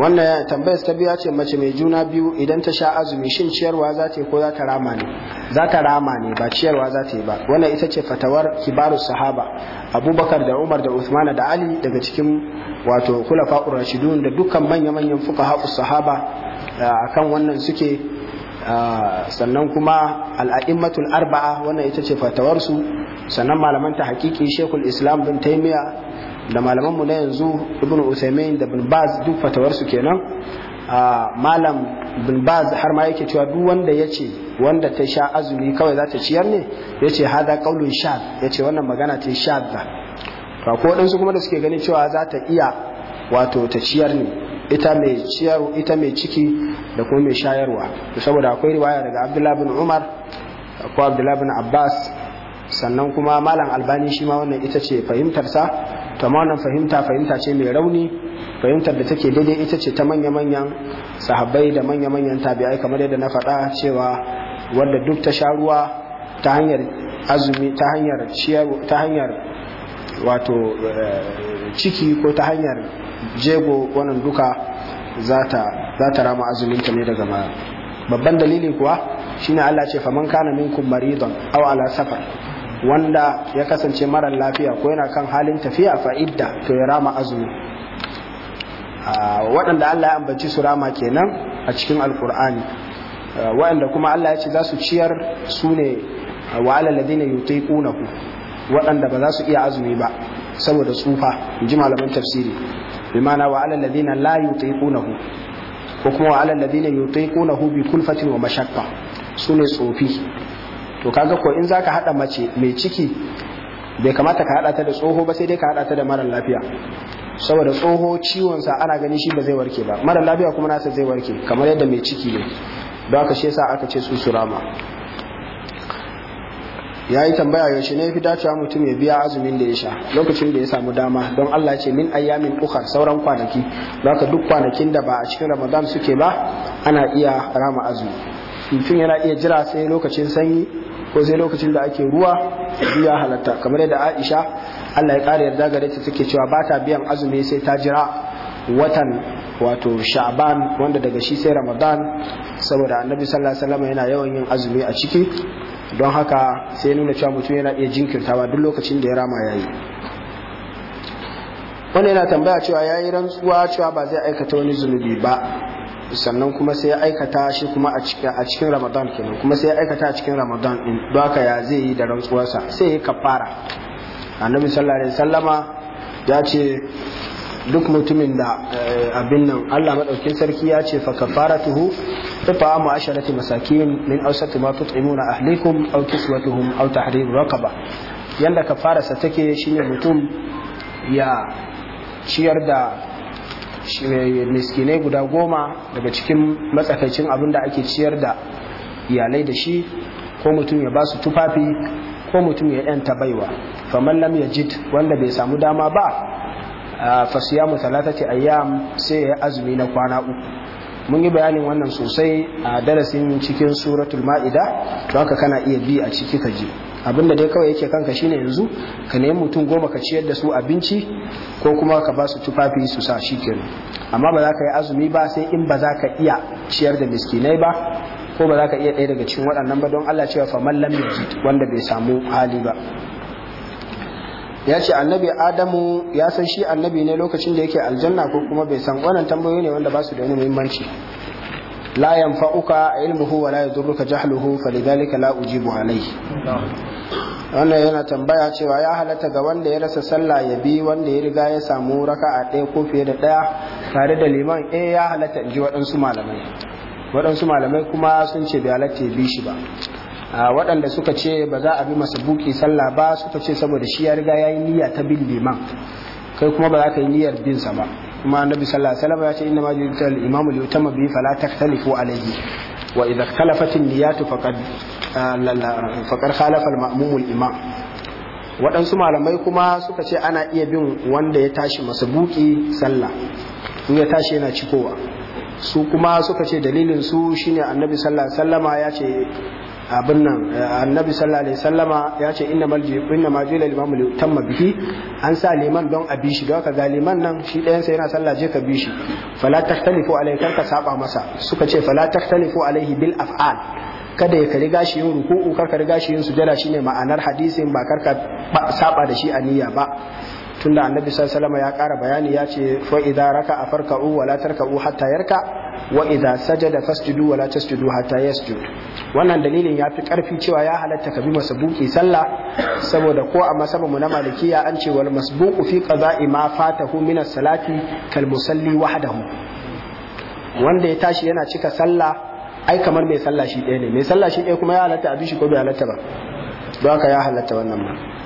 wannan ya tambayar ta biya ce mace mai juna biyu idan ta sha azumi shin ciyarwa za ta yi ko za ta rama ne za ta rama ne ba ciyarwa za ta yi ba wannan ita ce fatawar kibaru sahaba abubakar da umar da usman da ali daga cikin wato kulafa urashidun da dukkan manya-manyan fuka sahaba eh, akan wannan suke Ah, sannan kuma al'a'immatul arba'a wannan ita ce fatawarsu sannan malaman ta hakiki shekul islam bin taimiya da malamanmu na yanzu ibn usaimin da bin baz duk fatawarsu kenan ah, malam bin baz har ma yake cewa duk wanda ya ce wanda ta sha azumi kawai za ta ciyar ne ya ce hada kaulun shad ya ce wannan magana ta shad ba to ko waɗansu kuma da suke ganin cewa za ta iya wato ta ciyar ne ita ita mai ciki da ko mai shayarwa to saboda akwai riwaya daga abdullahi bin umar ko abdullahi bin abbas sannan kuma malam albani shi ma wannan ita ce fahimtarsa to ma wannan fahimta fahimta ce mai rauni fahimtar da take daidai ita ce ta manya-manyan sahabbai da manya-manyan tabi'ai kamar yadda na faɗa cewa wanda duk ta sha ruwa ta hanyar azumi ta hanyar ta hanyar wato eh, ciki ko ta hanyar jego wannan duka za ta rama azuminta ne daga mara babban dalili kuwa shine Allah ce faman kana minkum maridan aw ala safar wanda ya kasance mara lafiya ko yana kan halin tafiya fa'idda to ya rama azumi ah, waɗanda Allah ya ambaci su rama kenan a cikin alkur'ani ah, waɗanda kuma Allah ya ce za su ciyar su ne ah, wa ƙuna ku. waɗanda ba za su iya azumi ba saboda tsufa in ji malamin tafsiri bi ma'ana wa ala ladina la yutiqunahu ko kuma wa ala ladina yutiqunahu bi kulfatin wa mashaqqa sune tsofi to kaga ko in zaka hada mace mai ciki bai kamata ka hada ta da tsoho ba sai dai ka hada ta da mara lafiya saboda tsoho ciwon sa ana gani shi ba zai warke ba marar lafiya kuma nasa zai warke kamar yadda mai ciki ne don haka shi yasa aka ce su surama ya yi tambaya yaushe ne fi dacewa mutum ya biya azumin da ya sha lokacin da ya samu dama don Allah ce min ayyamin ukhar sauran kwanaki ka duk kwanakin da ba a cikin Ramadan suke ba ana iya rama azumi mutum yana iya jira sai lokacin sanyi ko sai lokacin da ake ruwa biya halatta kamar yadda Aisha Allah ya kare yarda gare ta take cewa ba ta biyan azumi sai ta jira watan wato Sha'ban wanda daga shi sai Ramadan saboda Annabi sallallahu alaihi wasallam yana yawan yin azumi a ciki don haka sai nuna cewa mutum yana iya jinkirtawa duk lokacin da ya rama ya yi. wannan yana tambaya cewa ya yi rantsuwa cewa ba zai aikata wani zunubi ba sannan kuma sai ya aikata shi kuma a cikin ramadan kenan kuma sai ya aikata a cikin ramadan in don haka ya zai yi da rantsuwarsa sai ya kafara annabi sallallahu alaihi ya ce duk mutumin da eh, abin nan Allah madaukin sarki ya ce fa kafaratuhu tafamu asharati masakin min awsati ma tut'imuna ahlikum aw kiswatuhum aw tahrir raqaba yanda sa take shine mutum ya ciyar da eh, miskinai guda goma daga cikin matsakaicin abin da ake ciyar da iyalai da shi ko mutum ya ba su tufafi ko mutum ya yanta baiwa famallam ya yajid wanda bai samu dama ba fasiyamu talatati ayyam sai ya azumi na kwana uku mun yi bayanin wannan sosai a darasin cikin suratul ma'ida to haka kana iya bi a ciki ka ji da dai kawai yake kanka shine yanzu ka nemi mutum goma ka ciyar da su abinci ko kuma ka ba su tufafi su sa shikenan amma ba za ka yi azumi ba sai in ba za ka iya ciyar da miskinai ba ko ba za ka iya ɗaya daga cikin waɗannan ba don Allah cewa faman lam yajid wanda bai samu hali ba ya ce annabi adamu ya san shi annabi ne lokacin da yake aljanna ko kuma bai san wannan tambayoyi ne wanda ba su da wani muhimmanci la yanfa'uka ilmuhu wa la yadurruka jahluhu falidhalika la ujibu alayhi wannan yana tambaya cewa ya halatta ga wanda ya rasa sallah ya bi wanda ya riga ya samu raka'a ɗaya ko fiye da ɗaya tare da liman eh ya halatta in ji waɗansu malamai waɗansu malamai kuma sun ce bai halatta ya bi shi ba waɗanda suka ce ba za a bi masa buki sallah ba suka ce saboda shi ya riga ya yi niyya ta bin liman kai kuma ba za ka yi niyyar bin sa ba kuma annabi sallallahu alaihi wasallam ya ce inna ma ju'ita al-imamu liyutama bi fala taktalifu alayhi wa idha ikhtalafat an-niyyatu faqad faqad khalafa al-ma'mum al-imam waɗansu malamai kuma suka ce ana iya bin wanda ya tashi masa buki sallah in ya tashi yana cikowa su kuma suka ce dalilin su shine annabi sallallahu alaihi wasallama ya ce abin nan eh, annabi sallallahu alaihi sallama ya ce inna malji inna majila limamu li tamma bihi an sa liman don a bishi ga haka ga liman nan shi ɗayan sa yana sallah je ka bishi fala tahtalifu alaihi kar ka saba masa suka ce fala tahtalifu alaihi bil af'al kada ya kari gashi yin ruku'u kar ka riga shi yin sujada shine ma'anar hadisin ba kar ka saba da shi a niyya ba tunda annabi sallallahu ya ƙara bayani ya ce fa idza raka'a farka'u wa la tarka'u hatta yarka wa idza sajada fasjudu wa la tasjudu hatta yasjud wannan dalilin ya fi ƙarfi cewa ya halatta ka bi masbuki sallah saboda ko a mu na malikiya an ce wal masbuqu fi qada'i ma fatahu min as-salati kal musalli wahdahu wanda ya tashi yana cika sallah ai kamar mai sallah shi ɗaya ne mai sallah shi ɗaya kuma ya halatta a bi shi ko bai halatta ba don haka ya halatta wannan ma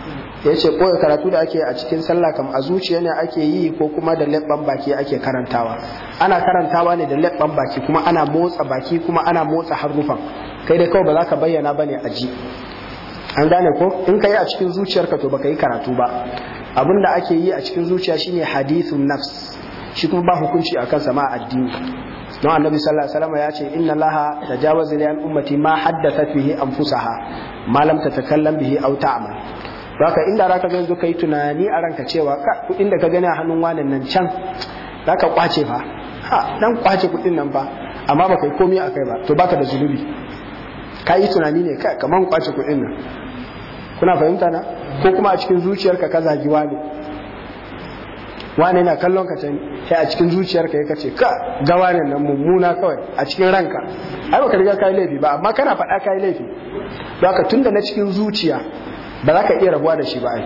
da ya ce koya karatu da ake a cikin sallah kam a zuciya ne ake yi ko kuma da leɓɓan baki ake karantawa ana karantawa ne da leɓɓan baki kuma ana motsa baki kuma ana motsa harufan kai da kawai ba za ka bayyana ba ne a ji an gane ko in ka yi a cikin zuciyarka to ba ka yi karatu ba abin da ake yi a cikin zuciya shine hadithun nafs shi kuma ba hukunci akan sama addini don annabi sallallahu alaihi wasallam ya ce inna laha tajawaza li ummati ma haddatha fihi anfusaha ma lam tatakallam bihi aw ta'mal Baka inda zaka ga yanzu kai tunani a ranka cewa ka kudin da ka gani a hannun wanan nan can zaka kwace fa ha dan kwace kudin nan ba amma baka yi komai akai ba to baka da zunubi ka yi tunani ne kai kaman kwace kudin nan kuna fahimta na ko kuma a cikin zuciyarka ka zagi wani wani yana kallon ka can sai a cikin zuciyarka ya kace ka ga wani nan mummuna kawai a cikin ranka ai baka riga kai laifi ba amma kana faɗa kai laifi Baka tunda na cikin zuciya ba za ka iya rabuwa da shi ba ai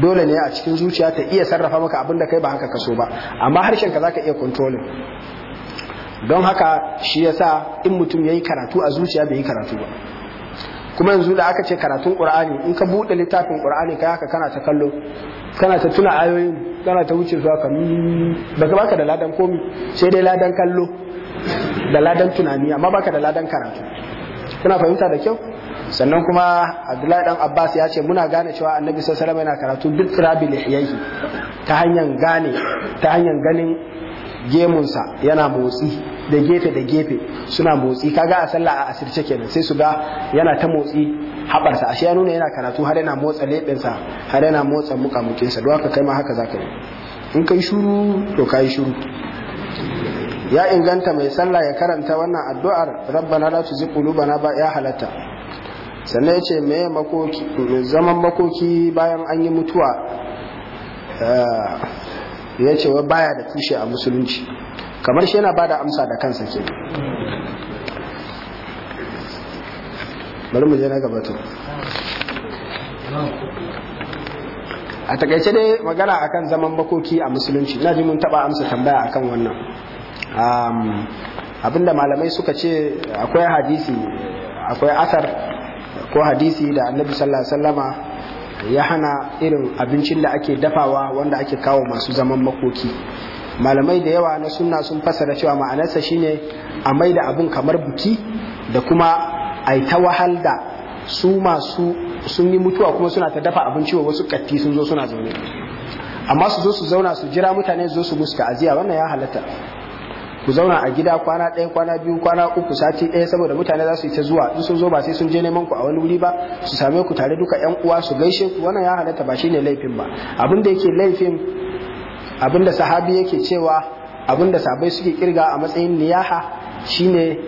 dole ne a cikin zuciya ta iya sarrafa maka abin da kai ba haka kaso ba amma harshen ka za ka iya kontrolin don haka shi yasa in mutum ya yi karatu a zuciya bai yi karatu ba kuma yanzu da aka ce karatun qur'ani in ka buɗe littafin qur'ani kai haka kana ta kallo kana ta tuna ayoyin kana ta wuce zuwa mm, ka baka baka da ladan komi sai dai ladan kallo da ladan tunani amma baka da ladan karatu kana fahimta da kyau sannan kuma abdullahi dan abbas ya ce muna gane cewa annabi sallallahu yana karatu duk rabi lihiyahi ta hanyar gane ta hanyar ganin gemunsa yana motsi da gefe da gefe suna motsi kaga a sallah a asirce kenan sai su ga yana ta motsi haɓarsa ashe ya nuna yana karatu har yana motsa leɓensa har yana motsa mukamukinsa duwa ka kai ma haka zaka yi in kai shuru to kai shuru ya inganta mai sallah ya karanta wannan addu'ar rabbana la tuzigh qulubana ba ya halatta sannan ya ce me zaman makoki bayan an yi mutuwa eh, ya ce wa baya da tushe a musulunci kamar shi yana ba da amsa da kansa ke bari mu na gaba a takaice dai magana akan zaman makoki a musulunci na ji mun taba amsa tambaya akan wannan abinda malamai suka ce akwai hadisi akwai asar ko hadisi da annabi sallallahu alaihi wasallama ya hana irin abincin da ake dafawa wanda ake kawo masu zaman makoki malamai da yawa na sunna sun fasara cewa ma'anarsa shine a mai da abin kamar buki da kuma a yi ta wahal su masu sun yi mutuwa kuma suna ta dafa abinci wa wasu katti sun zo suna zaune amma su zo su zauna su jira mutane zo su musu ta'aziya wannan ya halatta ku zauna a gida kwana ɗaya kwana biyu kwana uku sati ɗaya saboda mutane za su yi ta zuwa in sun zo ba sai sun je neman ku a wani wuri ba su same ku tare duka yan uwa su gaishe ku wannan ya halatta ba shi ne laifin ba abin da yake laifin abin da sahabi yake cewa abin da sabai suke kirga a matsayin niyaha shine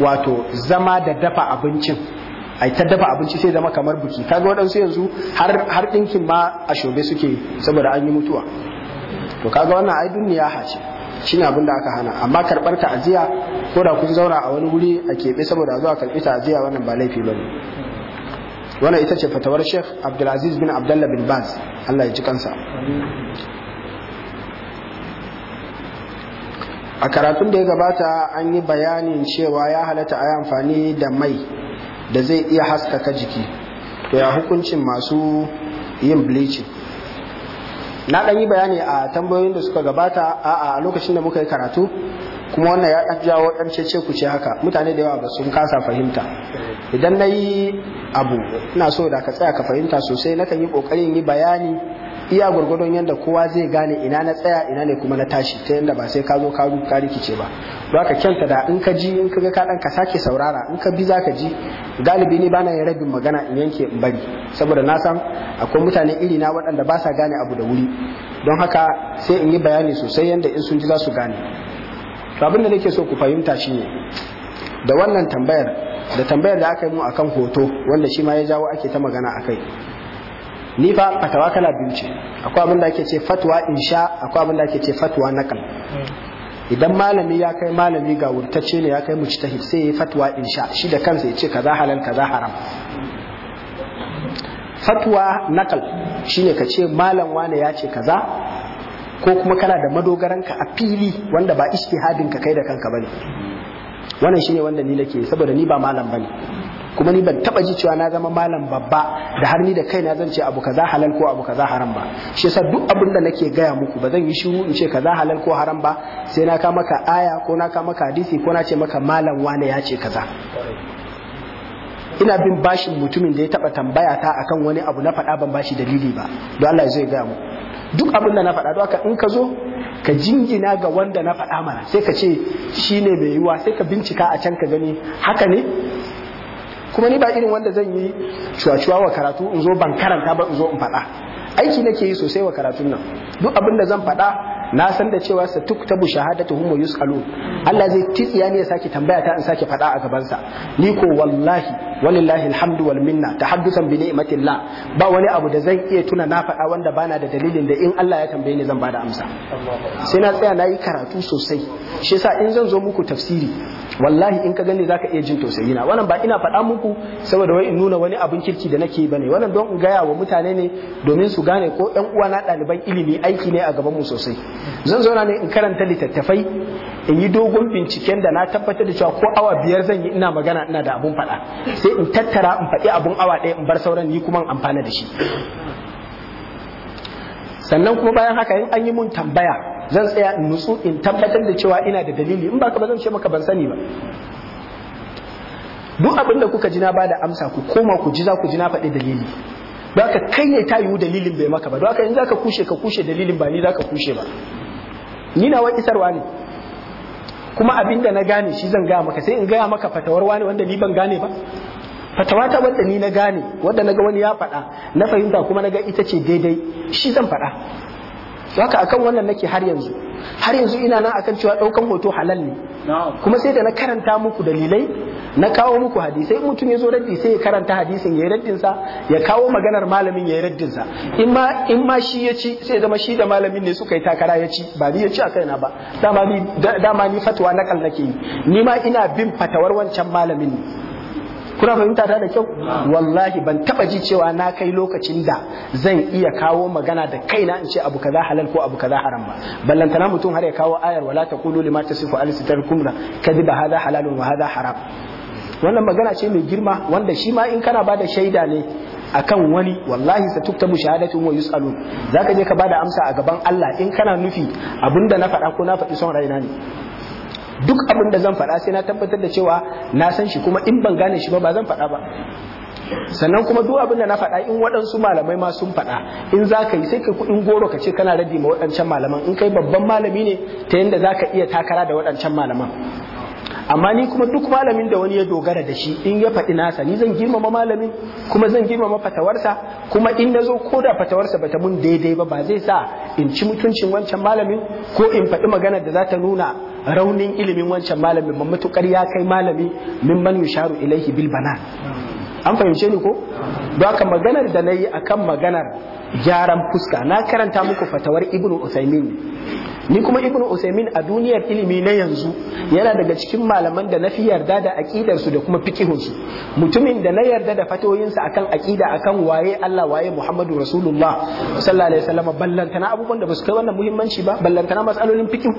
wato zama da dafa abincin ai ta dafa abinci sai zama kamar buki kaga waɗansu yanzu har har ɗinkin ma a shobe suke saboda an yi mutuwa to kaga wannan ai duniya ce shine abin da aka hana amma karɓar ta'aziyya ko da kun zauna a wani wuri a keɓe saboda zuwa zo ta karɓi wannan ba laifi bane wannan ita ce fatawar Sheikh Abdulaziz bin Abdullah bin Baz Allah ya ji kansa a karatun da ya gabata an yi bayanin cewa ya halatta a yi amfani da mai da zai iya haskaka jiki to ya hukuncin masu yin bleaching na ɗan yi bayani a tambayoyin da suka gabata a a lokacin da muka yi karatu kuma wannan ya ɗan jawo ɗan cece ku ce haka mutane da yawa ba sun kasa fahimta idan na yi abu ina so da ka tsaya ka fahimta sosai na kan yi ƙoƙarin yi bayani iya gwargwadon yadda kowa zai gane ina na tsaya ina ne kuma na tashi ta yadda ba sai ka zo ka ka rikice ba ba ka kyanta da in ka ji in ka ga kaɗan dan ka sake saurara in ka bi za ka ji galibi ne bana yin rabin magana in yanke in bari saboda na san akwai mutane iri na waɗanda ba sa gane abu da wuri don haka sai in yi bayani sosai yadda in sun ji za su gane abin da nake so ku fahimta shine da wannan tambayar da tambayar da aka yi mu akan hoto wanda shi ma ya jawo ake ta magana akai ni fa fatawa kala biyu ce akwai abin da ake ce fatwa insha akwai abin da ake ce fatwa nakal idan malami ya kai malami ga wurtacce ne ya kai mu ta sai ya fatwa insha shi da kansa ya ce kaza halal kaza haram fatwa nakal shine ka ce malam wane ya ce kaza ko kuma kana da madogaran ka a fili wanda ba ijtihadin ka kai da kanka bane wannan shine wanda ni nake saboda ni ba malam bane kuma ni ban taba ji cewa na zama malam babba da har ni da kaina zan ce abu kaza halal ko abu kaza haram ba shi yasa duk abin da nake gaya muku ba zan yi shiru in ce kaza halal ko haram ba sai na ka maka aya ko na ka maka hadisi ko na ce maka malam wane ya ce kaza ina bin bashin mutumin da ya taba tambaya ta akan wani abu na faɗa ban bashi dalili ba don Allah zai gaya mu duk abin da na faɗa don haka in ka zo ka jingina ga wanda na faɗa mana sai ka ce shi ne mai yiwa sai ka bincika a can ka gani haka ne kuma ni ba irin wanda zan yi cuwa-cuwa wa karatu in zo ban karanta ba in zo in faɗa aiki nake yi sosai wa karatun nan duk abin da zan faɗa na san da cewa sa tuk tabu shahadatu hum yus'alun Allah zai titsiya ne ya sake tambaya ta in sake faɗa a gaban sa ni ko wallahi walillahi alhamdu wal minna tahaddusan bi ni'matillah ba wani abu da zan iya tuna na faɗa wanda bana da dalilin da in Allah ya tambaye ni zan bada amsa sai na tsaya nayi karatu sosai shi yasa in zan zo muku tafsiri wallahi in ka gani zaka iya jin tausayi na wannan ba ina faɗa muku saboda wai in nuna wani abin kirki da nake bane wannan don in gaya wa mutane ne domin su gane ko ɗan uwa na ɗaliban ilimi aiki ne a gaban mu sosai zan zauna ne in karanta littattafai in yi dogon binciken da na tabbatar da cewa ko awa biyar zan yi ina magana ina da abun faɗa sai in tattara in faɗi abun awa ɗaya in bar sauran ni kuma in amfana da shi sannan kuma bayan haka in an yi mun tambaya zan tsaya in nutsu in tabbatar da cewa ina da dalili in ba ka ba zan ce maka ban sani ba duk abin da kuka ji na bada amsa ku koma ku ji za ku ji na faɗi dalili don haka kai ne ta yiwu dalilin bai maka ba don haka in za ka kushe ka kushe dalilin ba ni za ka kushe ba ni na isarwa ne kuma abin da na gane shi zan gaya maka sai in gaya maka fatawar wani wanda ni ban gane ba fatawa ta wadda ni na gane wadda na ga wani ya faɗa na fahimta kuma na ga ita ce daidai shi zan faɗa haka akan wannan nake har yanzu har yanzu ina nan akan cewa ɗaukan hoto halal ne kuma sai da na karanta muku dalilai na kawo muku hadisai mutum ya zo raddi sai ya karanta hadisin ya yi raddin sa ya kawo maganar malamin ya yi raddin sa in ma in ma shi ya ci sai zama shi da malamin ne suka yi takara ya ci ba ni ya ci a kaina ba dama ni dama ni fatwa na nake yi ni ma ina bin fatawar wancan malamin ne kuna fahimta ta da kyau wallahi ban taba ji cewa na kai lokacin da zan iya kawo magana da kaina in ce abu kaza halal ko abu kaza haram ba ballantana mutum har ya kawo ayar wala taqulu lima tasifu alsitarikum kadhiba hadha halalun wa hadha haram wannan magana ce mai girma wanda shi ma in kana bada shaida ne akan wani wallahi sa tukta mu shahadatun wa yusalu zaka je ka bada amsa a gaban Allah in kana nufi abinda na faɗa ko na faɗi son raina ne duk abin da zan faɗa sai na tabbatar da cewa na san shi kuma in ban gane shi ba ba zan faɗa ba sannan kuma duk abin da na faɗa in waɗansu malamai ma sun faɗa in za ka yi sai ka kuɗin goro ka ce kana radi ma waɗancan malaman in kai babban malami ne ta yadda za ka iya takara da waɗancan malaman amma ni kuma duk malamin da wani ya dogara da shi in ya faɗi nasa ni zan girmama malamin kuma zan girmama fatawarsa kuma in na zo ko da fatawarsa bata mun daidai ba ba zai sa in ci mutuncin wancan malamin ko in faɗi magana da za ta nuna raunin ilimin wancan malamin ba matukar ya kai malami min man yusharu ilaihi bil bana. an fahimce ni ko don haka maganar da na yi akan maganar gyaran fuska na karanta muku fatawar ibnu usaimin ni kuma ibn usaimin a duniyar ilimi na yanzu yana daga cikin malaman da na fi yarda da aqidar da kuma fikihunsu, mutumin da na yarda da fatoyinsa akan aqida akan waye Allah waye Muhammadu Rasulullah sallallahu alaihi wasallam ballantana abubuwan da ba su kai wannan muhimmanci ba ballantana masalolin fikih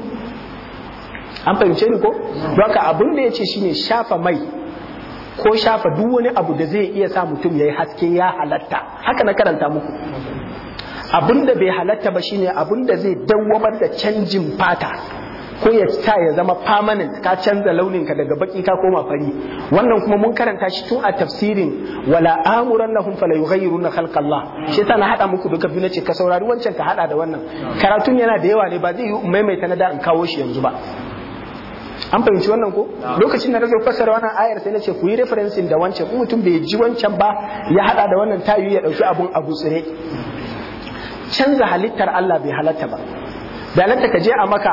an fahimce ni ko haka abin da yace shine shafa mai ko shafa duk wani abu da zai iya sa mutum yayi haske ya halatta haka na karanta muku abinda bai halatta ba shine abinda zai dawwamar da canjin fata ko ya ta ya zama permanent ka canza launin ka daga baki ka koma fari wannan kuma mun karanta shi tun a tafsirin wala lahum fala yughayyiruna khalqallah shi tana na hada muku duka biyu nace ka saurari wancan ka hada da wannan karatun yana da yawa ne ba zai yi maimaita na da in kawo shi yanzu ba an fahimci wannan ko lokacin da nake fassara wannan ayar sai nace ku yi referencing da wancan in mutum bai ji wancan ba ya hada da wannan tayu ya dauki abun a gutsire canza halittar Allah bai halatta ba da halatta ka je a maka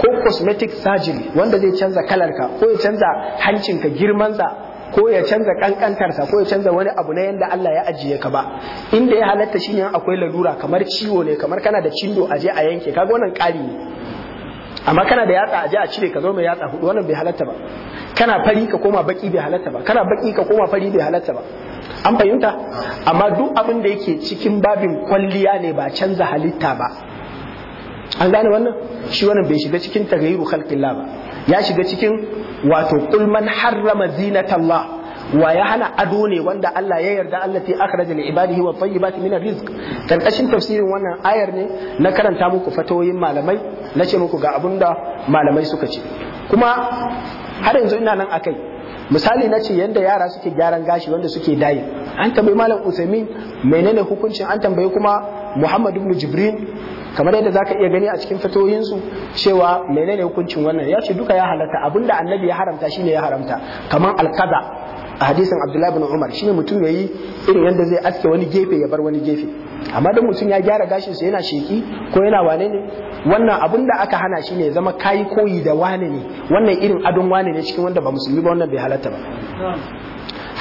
ko cosmetic surgery wanda zai canza kalarka ko ya canza hancinka girmansa ko ya canza kankantarsa ko ya canza wani abu na yadda Allah ya ajiye ka ba inda ya halatta shi ne akwai lalura kamar ciwo ne kamar kana da cindo aje a yanke kaga wannan ƙari ne amma kana da yatsa aje a cire ka zo mai yatsa hudu wannan bai halatta ba kana fari ka koma baki bai halatta ba kana baki ka koma fari bai halatta ba an fahimta amma duk abin da yake cikin babin kwalliya ne ba canza halitta ba an gane wannan shi wannan bai shiga cikin tagayyuru khalqilla ba ya shiga cikin wato kulman harrama zinatallah wa ya hana ado ne wanda Allah ya yarda Allah ta akhraja li ibadihi wa tayyibati min rizq kashin tafsirin wannan ayar ne na karanta muku fatoyin malamai nace muku ga abinda malamai suka ce kuma har yanzu ina nan akai misali na ce yadda yara suke gyaran gashi wanda suke dayi an tambayi malam usaimin menene hukuncin an tambayi kuma muhammad ibn jibril kamar yadda zaka iya gani a cikin fatoyinsu cewa menene hukuncin wannan ya ce duka ya halatta abinda annabi ya haramta shine ya haramta kamar alkaza a hadisin abdullahi bin umar shi ne mutum ya yi irin yadda zai aske wani gefe ya bar wani gefe amma don mutum ya gyara gashin sa yana sheki ko yana wane ne wannan abin da aka hana shi ya zama kayi koyi da wane ne wannan irin adon wane ne cikin wanda ba musulmi ba wannan bai halatta ba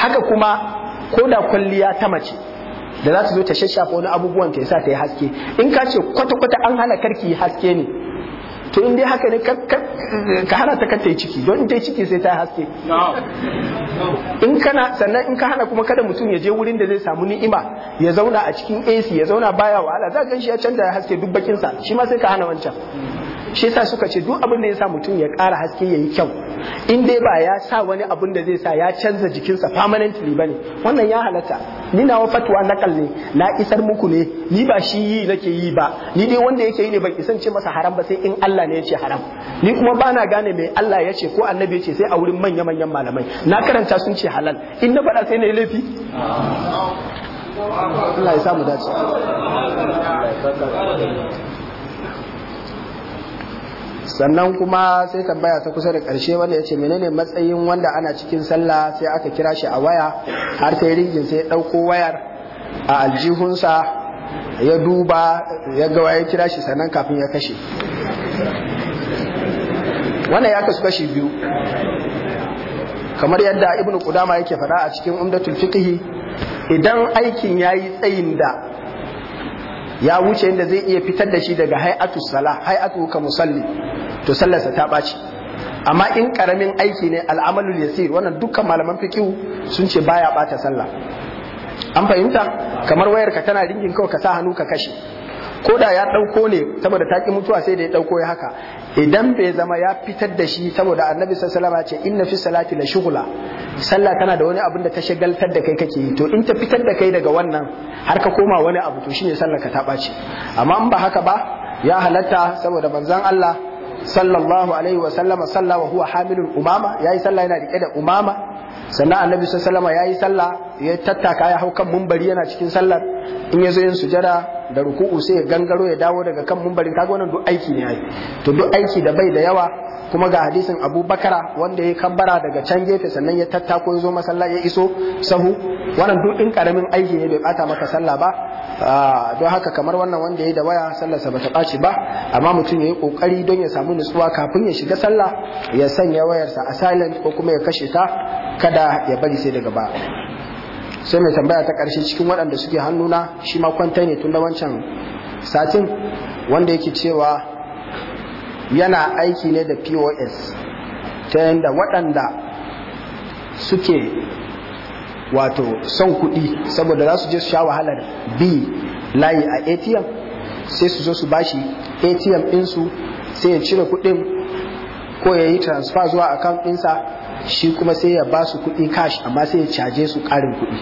haka kuma ko da kwalliya ta mace da za su zo ta shashafa wani abubuwan ta yasa ta yi haske in ka ce kwata-kwata an hana karki haske ne to in dai haka ne ka hana ta kace ciki don in ta ciki sai ta haske in kana sannan in ka hana kuma kada mutum ya je wurin da zai samu ni'ima ya zauna a cikin AC ya zauna baya wahala za ka shi ya canza ya haske duk bakin sa shi ma sai ka hana wancan shi yasa suka ce duk abin da ya sa mutum ya ƙara haske ya yi kyau in dai ba ya sa wani abin da zai sa ya canza jikinsa permanently bane wannan ya halatta ni nawa fatwa nakal ne na isar muku ne ni ba shi yi nake yi ba ni dai wanda yake yi ne ban isance masa haram ba sai in Allah ne ya ce haram ni kuma ba na gane me Allah ya ce ko annabi ya ce sai a wurin manya manyan malamai na karanta sun ce halal in na faɗa sai na yi laifi Allah ya samu dace sannan kuma sai tambaya ta kusa da karshe wanda ya ce menene matsayin wanda ana cikin sallah sai aka kira shi a waya har yi ringin sai ya ɗauko wayar a aljihunsa ya duba ya gawa ya kira shi sannan kafin ya kashe wannan ya kasu kashi biyu kamar yadda ibnu Ƙudama yake fada a cikin umdatul fiqh idan aikin ya yi tsayin da ya wuce inda zai iya fitar da shi daga hay'atu sala hay'atu ka musalli to sallarsa ta ɓaci amma in karamin aiki ne al'amalul yasir wannan dukkan malaman fikihu sun ce baya ɓata sallah an fahimta kamar wayar ka tana ringin kawai ka sa hannu ka kashe ko da ya ɗauko ne saboda ta ki mutuwa sai da ya ɗauko ya haka idan bai zama ya fitar da shi saboda annabi sallallahu alaihi ce inna fi salati la shughla sallah tana da wani abin da ta shagaltar da kai kake yi to in ta fitar da kai daga wannan har ka koma wani abu to shine sallar ka ta ɓaci amma in ba haka ba ya halatta saboda manzon Allah sallallahu alaihi wa sallama salla wa huwa hamilul umama yayi sallah yana rike da umama sannan annabi sallallahu alaihi wa sallama yayi sallah ya tattaka ya hau kan munbari yana cikin sallar in yazo yin sujada da ruku'u sai ya gangaro ya dawo daga kan mumbarin kaga wannan duk aiki ne yayi to duk aiki da bai da yawa kuma ga hadisin Abu Bakara wanda ya kabbara daga can gefe sannan ya tattako ya zo masallaci ya iso sahu wannan duk din karamin aiki ne bai bata maka sallah ba ah, don haka kamar wannan wanda ya da waya sallarsa ta ɓaci ba amma mutum ya yi kokari don ya samu nutsuwa kafin ya shiga sallah ya sanya wayarsa a silent ko kuma ya kashe ta kada ya bari sai daga ba sai mai tambaya ta ƙarshe cikin waɗanda suke hannuna shi ma kwanta ne tun da wancan satin wanda yake cewa yana aiki ne da pos ta yadda waɗanda suke wato son kuɗi saboda za su je su sha wahalar bi layi a atm sai su zo su bashi atm ɗinsu sai ya cire kuɗin ko ya yi transfer zuwa account ɗinsa shi kuma sai ya ba su kuɗi cash amma sai ya caje su ƙarin kuɗi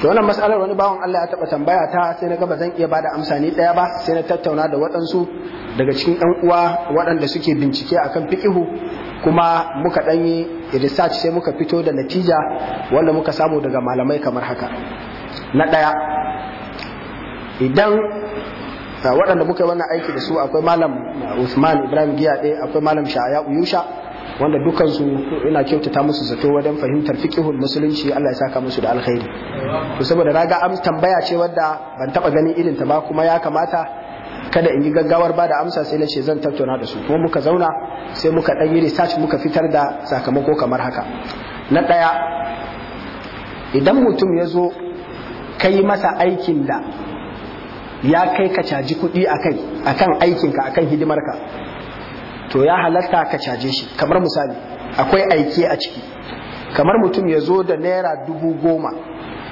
to wannan mas'alar wani bawan Allah ya taɓa tambaya ta sai na ga zan iya bada amsa ni ɗaya ba sai na tattauna da waɗansu daga cikin ɗan uwa waɗanda suke bincike akan fiqihu kuma muka ɗan yi research sai muka fito da natija wanda muka samu daga malamai kamar haka na ɗaya idan waɗanda muka yi wannan aiki da su akwai malam Usman Ibrahim Giya ɗaya akwai malam shaya Uyusha wanda dukansu ina kyautata musu zato wajen fahimtar fiqhul musulunci Allah ya saka musu da alkhairi to saboda raga am tambaya ce wadda ban taba ganin irin ta ba kuma ya kamata kada in yi gaggawar ba da amsa sai na ce zan tattauna da su kuma muka zauna sai muka dan yi research muka fitar da sakamako kamar haka na daya idan mutum ya zo kai masa aikin da ya kai ka caji kuɗi akai akan aikinka akan hidimar ka. to ya halatta ka caje shi kamar misali akwai aike a ciki kamar mutum ya zo da naira dubu goma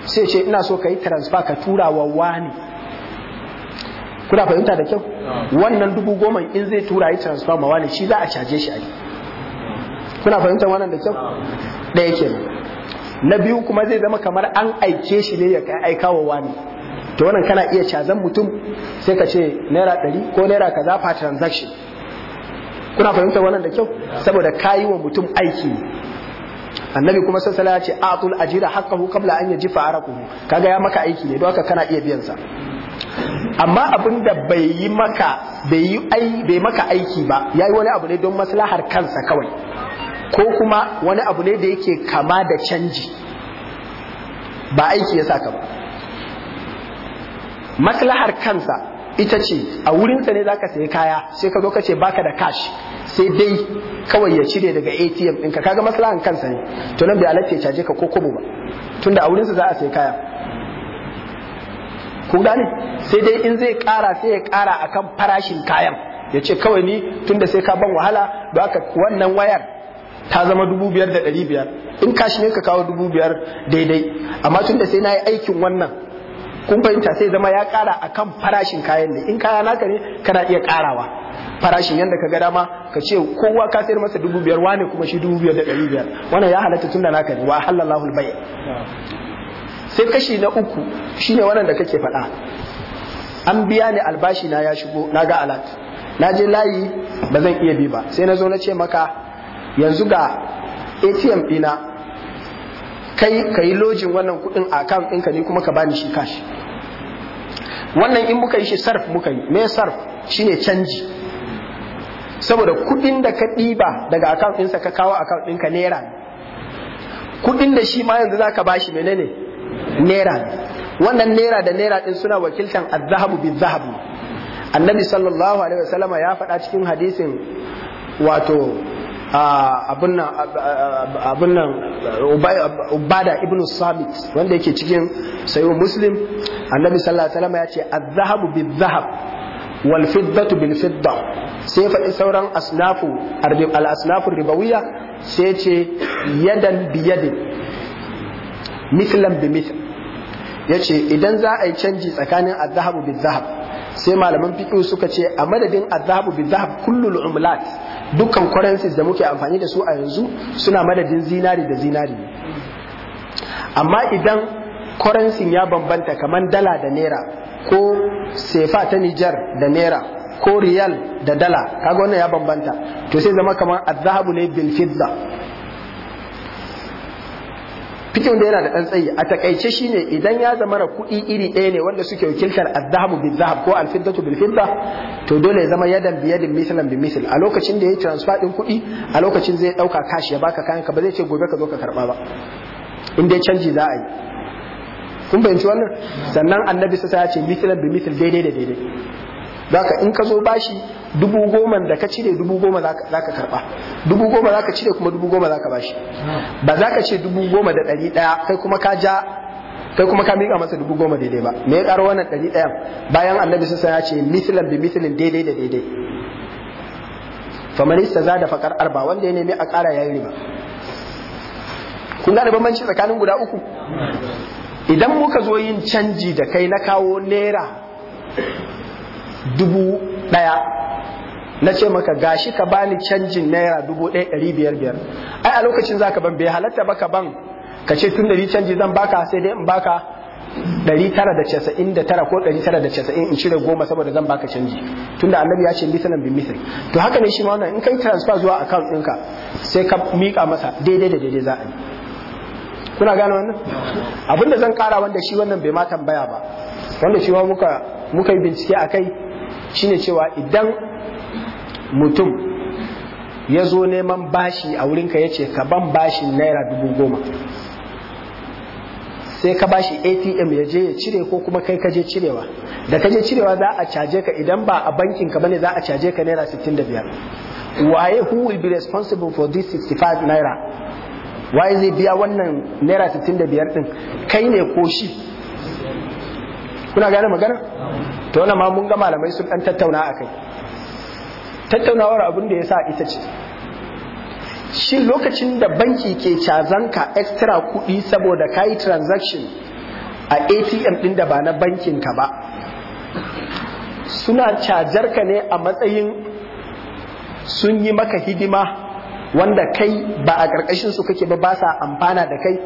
sai ce ina so ka yi transfer ka tura wa wani kuna fahimta da kyau wannan dubu goma in zai tura yi transfer ma wani shi za a caje shi a kuna fahimta wannan da kyau ɗaya kenan na biyu kuma zai zama kamar an aike shi ne ya aika wa wani to wannan kana iya cazan mutum sai ka ce naira ɗari ko naira kaza fa transaction kuna fahimtar wannan da kyau saboda kayi wa mutum aiki annabi kuma sassala ya ce atul ajira haqqahu qabla an yajifa araquhu kaga ya maka aiki ne don haka kana iya biyan sa amma abin da bai maka bai maka aiki ba ya yi wani abu ne don maslahar kansa kawai ko kuma wani abu ne da yake kama da canji ba aiki ya saka ba maslahar kansa ita ce a wurinsa ne zaka sayi kaya sai ka zo ka ce baka da cash sai dai kawai ya cire daga ATM in ka kaga maslahan kansa ne to nan bai halatta ya caje ka ko kobo ba tunda a wurinsa za a sayi kaya ku gane sai dai in zai kara sai ya kara akan farashin kayan ya ce kawai ni tunda sai ka ban wahala ba ka wannan wayar ta zama dubu biyar da ɗari biyar in kashi ne ka kawo dubu biyar daidai amma tun da sai na yi aikin wannan kun fahimta sai zama ya kara akan farashin kayan ne in kaya naka ne kana iya karawa farashin yanda ka ga dama ka ce kowa ka sayar masa dubu biyar wane kuma shi dubu biyar da ɗari biyar wannan ya halatta tun da naka ne wa halallahu bai sai kashi na uku shine wannan da kake faɗa an biya ni albashi na ya shigo na ga alat na je layi ba zan iya bi ba sai na zo na ce maka yanzu ga atm ɗina kai ka yi lojin wannan kuɗin a account ɗinka ni kuma ka bani shi kashi wannan in muka yi shi sarf muka yi me sarf shine canji saboda kuɗin da ka ɗiba daga account ɗinsa ka kawo account ɗinka naira kuɗin da shi ma yanzu zaka bashi menene naira wannan naira da naira ɗin suna wakiltan azzahabu bi zahabu annabi sallallahu alaihi wasallama ya faɗa cikin hadisin wato Ah, abin nan ubada ibn sabit wanda yake cikin sayo muslim annabi sallallahu alaihi wasallam ya ce az-zahabu bil-zahab wal fiddatu bil fidda sai faɗi sauran asnafu al asnafu ribawiyya sai ce yadan bi yadin mithlan bi mithl yace idan za a yi canji tsakanin az-zahabu bil-zahab sai malaman fiqh suka ce a madadin az-zahabu bil-zahab al umlat dukkan currencies da muke amfani da su a yanzu suna madadin zinari da zinari amma idan currency ya bambanta kamar dala da naira ko sefa ta Nijar da naira ko riyal da dala kaga wannan ya bambanta to sai zama kamar azhabu ne bil fidda fikin da yana da ɗan tsayi a takaice shine idan ya zama da kuɗi iri ɗaya ne wanda suke wakiltar azhabu bil zahab ko al fiddatu bil fidda to dole ya zama yadan bi yadin mislan bi misl a lokacin da yayi transfer din kuɗi a lokacin zai ɗauka kashi ya baka kayan ka ba zai ce gobe ka zo ka karɓa ba in dai canji za a yi kun bayanci wannan sannan annabi sai ya ce mislan bi misl daidai da daidai Zaka in ka zo bashi dubu goma da ka cire dubu goma za ka karba dubu goma za ka cire kuma dubu goma za ka bashi ba za ka ce dubu goma da ɗari ɗaya kai kuma ka ja kai kuma ka miƙa masa dubu goma daidai ba me ya ƙaro wannan ɗari ɗayan bayan annabi sassa ya ce mithlan bi mithlin daidai da daidai faman za da faƙar arba wanda ya nemi a ƙara yayi riba kun gane bambanci tsakanin guda uku idan muka zo yin canji da kai na kawo naira dubu daya na ce maka gashi ka bani canjin naira dubu daya dari biyar biyar ai a lokacin zaka ban bai halatta ba ka ban ka ce tun dari canji zan baka sai dai in baka dari tara da casa'in da tara ko dari tara da casa'in in cire goma saboda zan baka canji Tun da annabi ya ce misalan bin misir. to haka ne shi ma wannan in kai transfer zuwa account ɗinka sai ka miƙa masa daidai da daidai za yi kuna gane wannan abinda zan kara wanda shi wannan bai ma tambaya ba wanda shi ma muka muka yi bincike a kai shine cewa idan mutum ya zo neman bashi a wurinka ya ce ka ban bashin naira dubu goma sai ka bashi atm ya je ya cire ko kuma kai ka je cirewa da ka je cirewa za a caje ka idan ba a bankin ka bane za a caje ka naira 65 waye who will be responsible for this 65 naira waye zai biya wannan naira 65 din kai ne ko shi kuna gane magana to wani ma mun ga malamai su ɗan tattauna a kai tattaunawar abin da ya sa ita ce shin lokacin da banki ke cazanka extra kuɗi saboda ka yi transaction a atm ɗin da ba na bankin ka ba suna cajarka ne a matsayin sun yi maka hidima wanda kai ba a ƙarƙashin su kake ba ba sa amfana da kai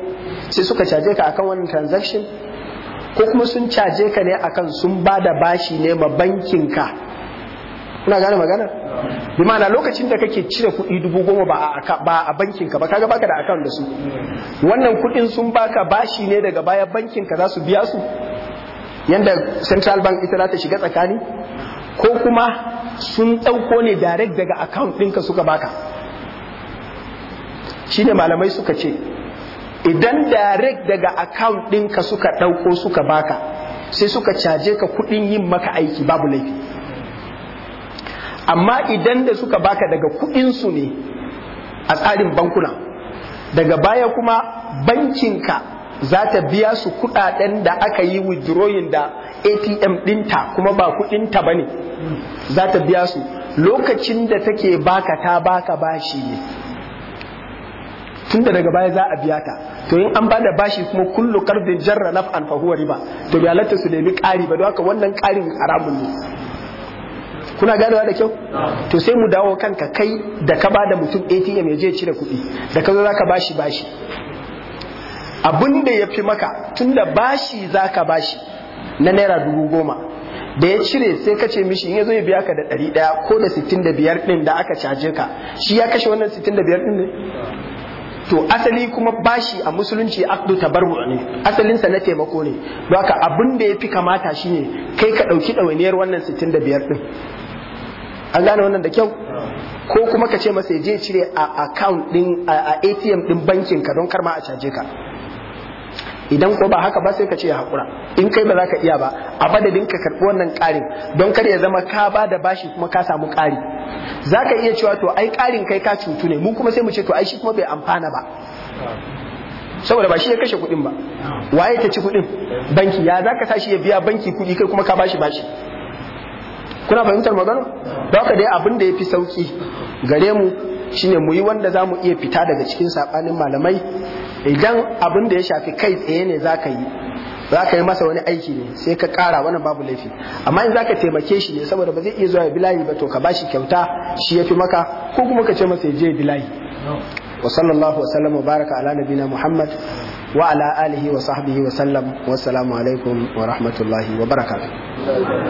sai suka caje ka akan wannan transaction ko kuma sun caje ka ne akan sun ba da bashi ne ma bankinka kuna gane magana bi ma'ana lokacin da kake cire kuɗi dubu goma ba a ba bankin ba kaga baka da akan da su wannan kuɗin sun baka bashi ne daga baya bankinka ka za su biya su yanda central bank ita za ta shiga tsakani ko kuma sun ɗauko ne direct daga account ɗinka suka baka Shi ne malamai suka ce idan direct daga account ɗinka suka ɗauko suka baka sai suka caje ka kuɗin yin maka aiki babu laifi amma idan da suka baka daga su ne a tsarin bankuna daga baya kuma bankinka za ta biya su kuɗaɗen da aka yi withdrawing da atm ɗinta kuma ba kuɗinta ba ne za ta biya su lokacin da take baka ta baka bashi ne tunda daga baya za a biya ta to in an bada bashi kuma kullu qardin jarra naf'an fa huwa riba to ya lata su nemi ƙari ba don haka wannan ƙarin haramun ne kuna ganewa da kyau to sai mu dawo kanka kai da ka bada mutum ATM ya je cire kuɗi da ka zo zaka bashi bashi Abun da ya fi maka tunda bashi zaka bashi na naira dubu goma da ya cire sai ka ce mishi in ya zo ya biya ka da ɗari ɗaya ko da sittin da biyar ɗin da aka caje ka shi ya kashe wannan sittin da biyar ɗin ne to asali kuma bashi a musulunci akdu tabarru ne asalinsa na taimako ne don haka abin da ya fi kamata shine kai ka ɗauki ɗawainiyar wannan 65 din. an gane wannan da kyau ko kuma ka ce masa ya je cire a account din a atm din bankin ka don karma a caje ka idan ko ba haka ba sai ka ce hakura in kai ba za ka iya ba a madadin ka karɓi wannan ƙarin don kar ya zama ka ba da bashi kuma ka samu ƙari za ka iya cewa to ai ƙarin kai ka cutu ne mun kuma sai mu ce to ai shi kuma bai amfana ba saboda ba shi ya kashe kuɗin ba waye ta ci kuɗin banki ya za ka sa shi ya biya banki kuɗi kai kuma ka bashi bashi kuna fahimtar magana da ka dai abin da ya fi sauki gare mu shine mu yi wanda za mu iya fita daga cikin saɓanin malamai idan abin da ya shafi kai tsaye ne za ka yi za ka yi masa wani aiki ne sai ka kara wannan babu laifi amma in za ka taimake shi ne saboda ba zai iya zuwa ya bilayi ba to ka bashi kyauta shi ya fi maka ko kuma ka ce masa ya je ya bilayi wa sallallahu wasallam wa baraka ala nabina muhammad wa ala alihi wa sahbihi wa sallam alaikum wa rahmatullahi wa barakatuh